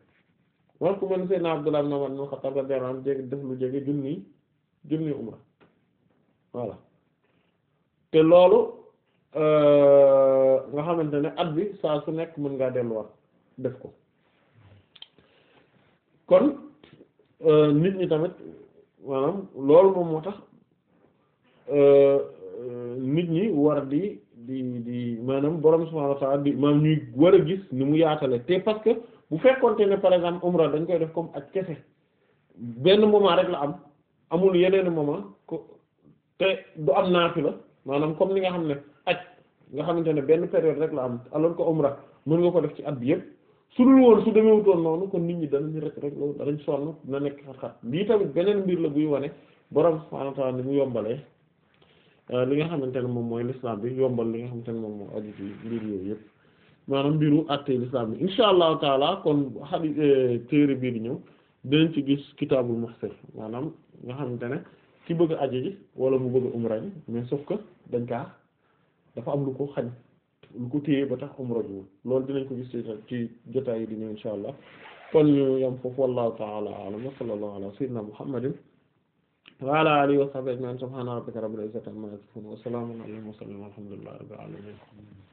Speaker 2: man ku mel Seydina Abdullah ibn Umar ibn Khattab radiyallahu anhu def lu jege junni junni umra voilà te loolu. Euh, nga xamante ne at bi saa su nekk mën ngaa delluwaat def ko kon euh, nit ñi tamit maanaam loolu moom moo tax euh, nit ñi war di di di maanaam borom subhaanahu wa ta'aala di maanaam ñuy war a gis ni mu yaatale te parce que bu fekkonte ne par exemple umra dañ koy def comme ak kese benn moment rek la am amul yeneen moment ko te du am naafila maanaam comme li nga xam ne aj nga xamante ne benn périod rek la am alors que umra mën nga ko def ci at bi yëpp su dul woon su demewutoon noonu kon nit ñi danañ rek rek loolu danañ sonn dina nekk xat-xat bii beneen mbir la buy wane borom subhaanahu mu yombalee euh, li nga xamante ne moom mooy l'islam bi yombal li nga xamante ne moom mooy aju ci mbir yooyu yëpp maanaam mbiru àttee l'islam bi insha allahu taala kon xadi euh, téere bii di ñëw dinañ ci gis kitaabul muhsir maanaam nga xamante ne ki bëgg a ji wala mu bëgg a umra ji mais sauf que dañ kaa dafa am lu ko xañ lu ko téye ba tax umra jiwul loolu dinañ ko gis ci di ñëw insha allah kon ñu yam foofu wallahu ta'ala a'lam wa sallallahu ala sayyidina muhammadin wa ala alihi wa sahbihi ajma'in subhana rabbika rabbil izzati amma yasifun wa salamun ala al alamin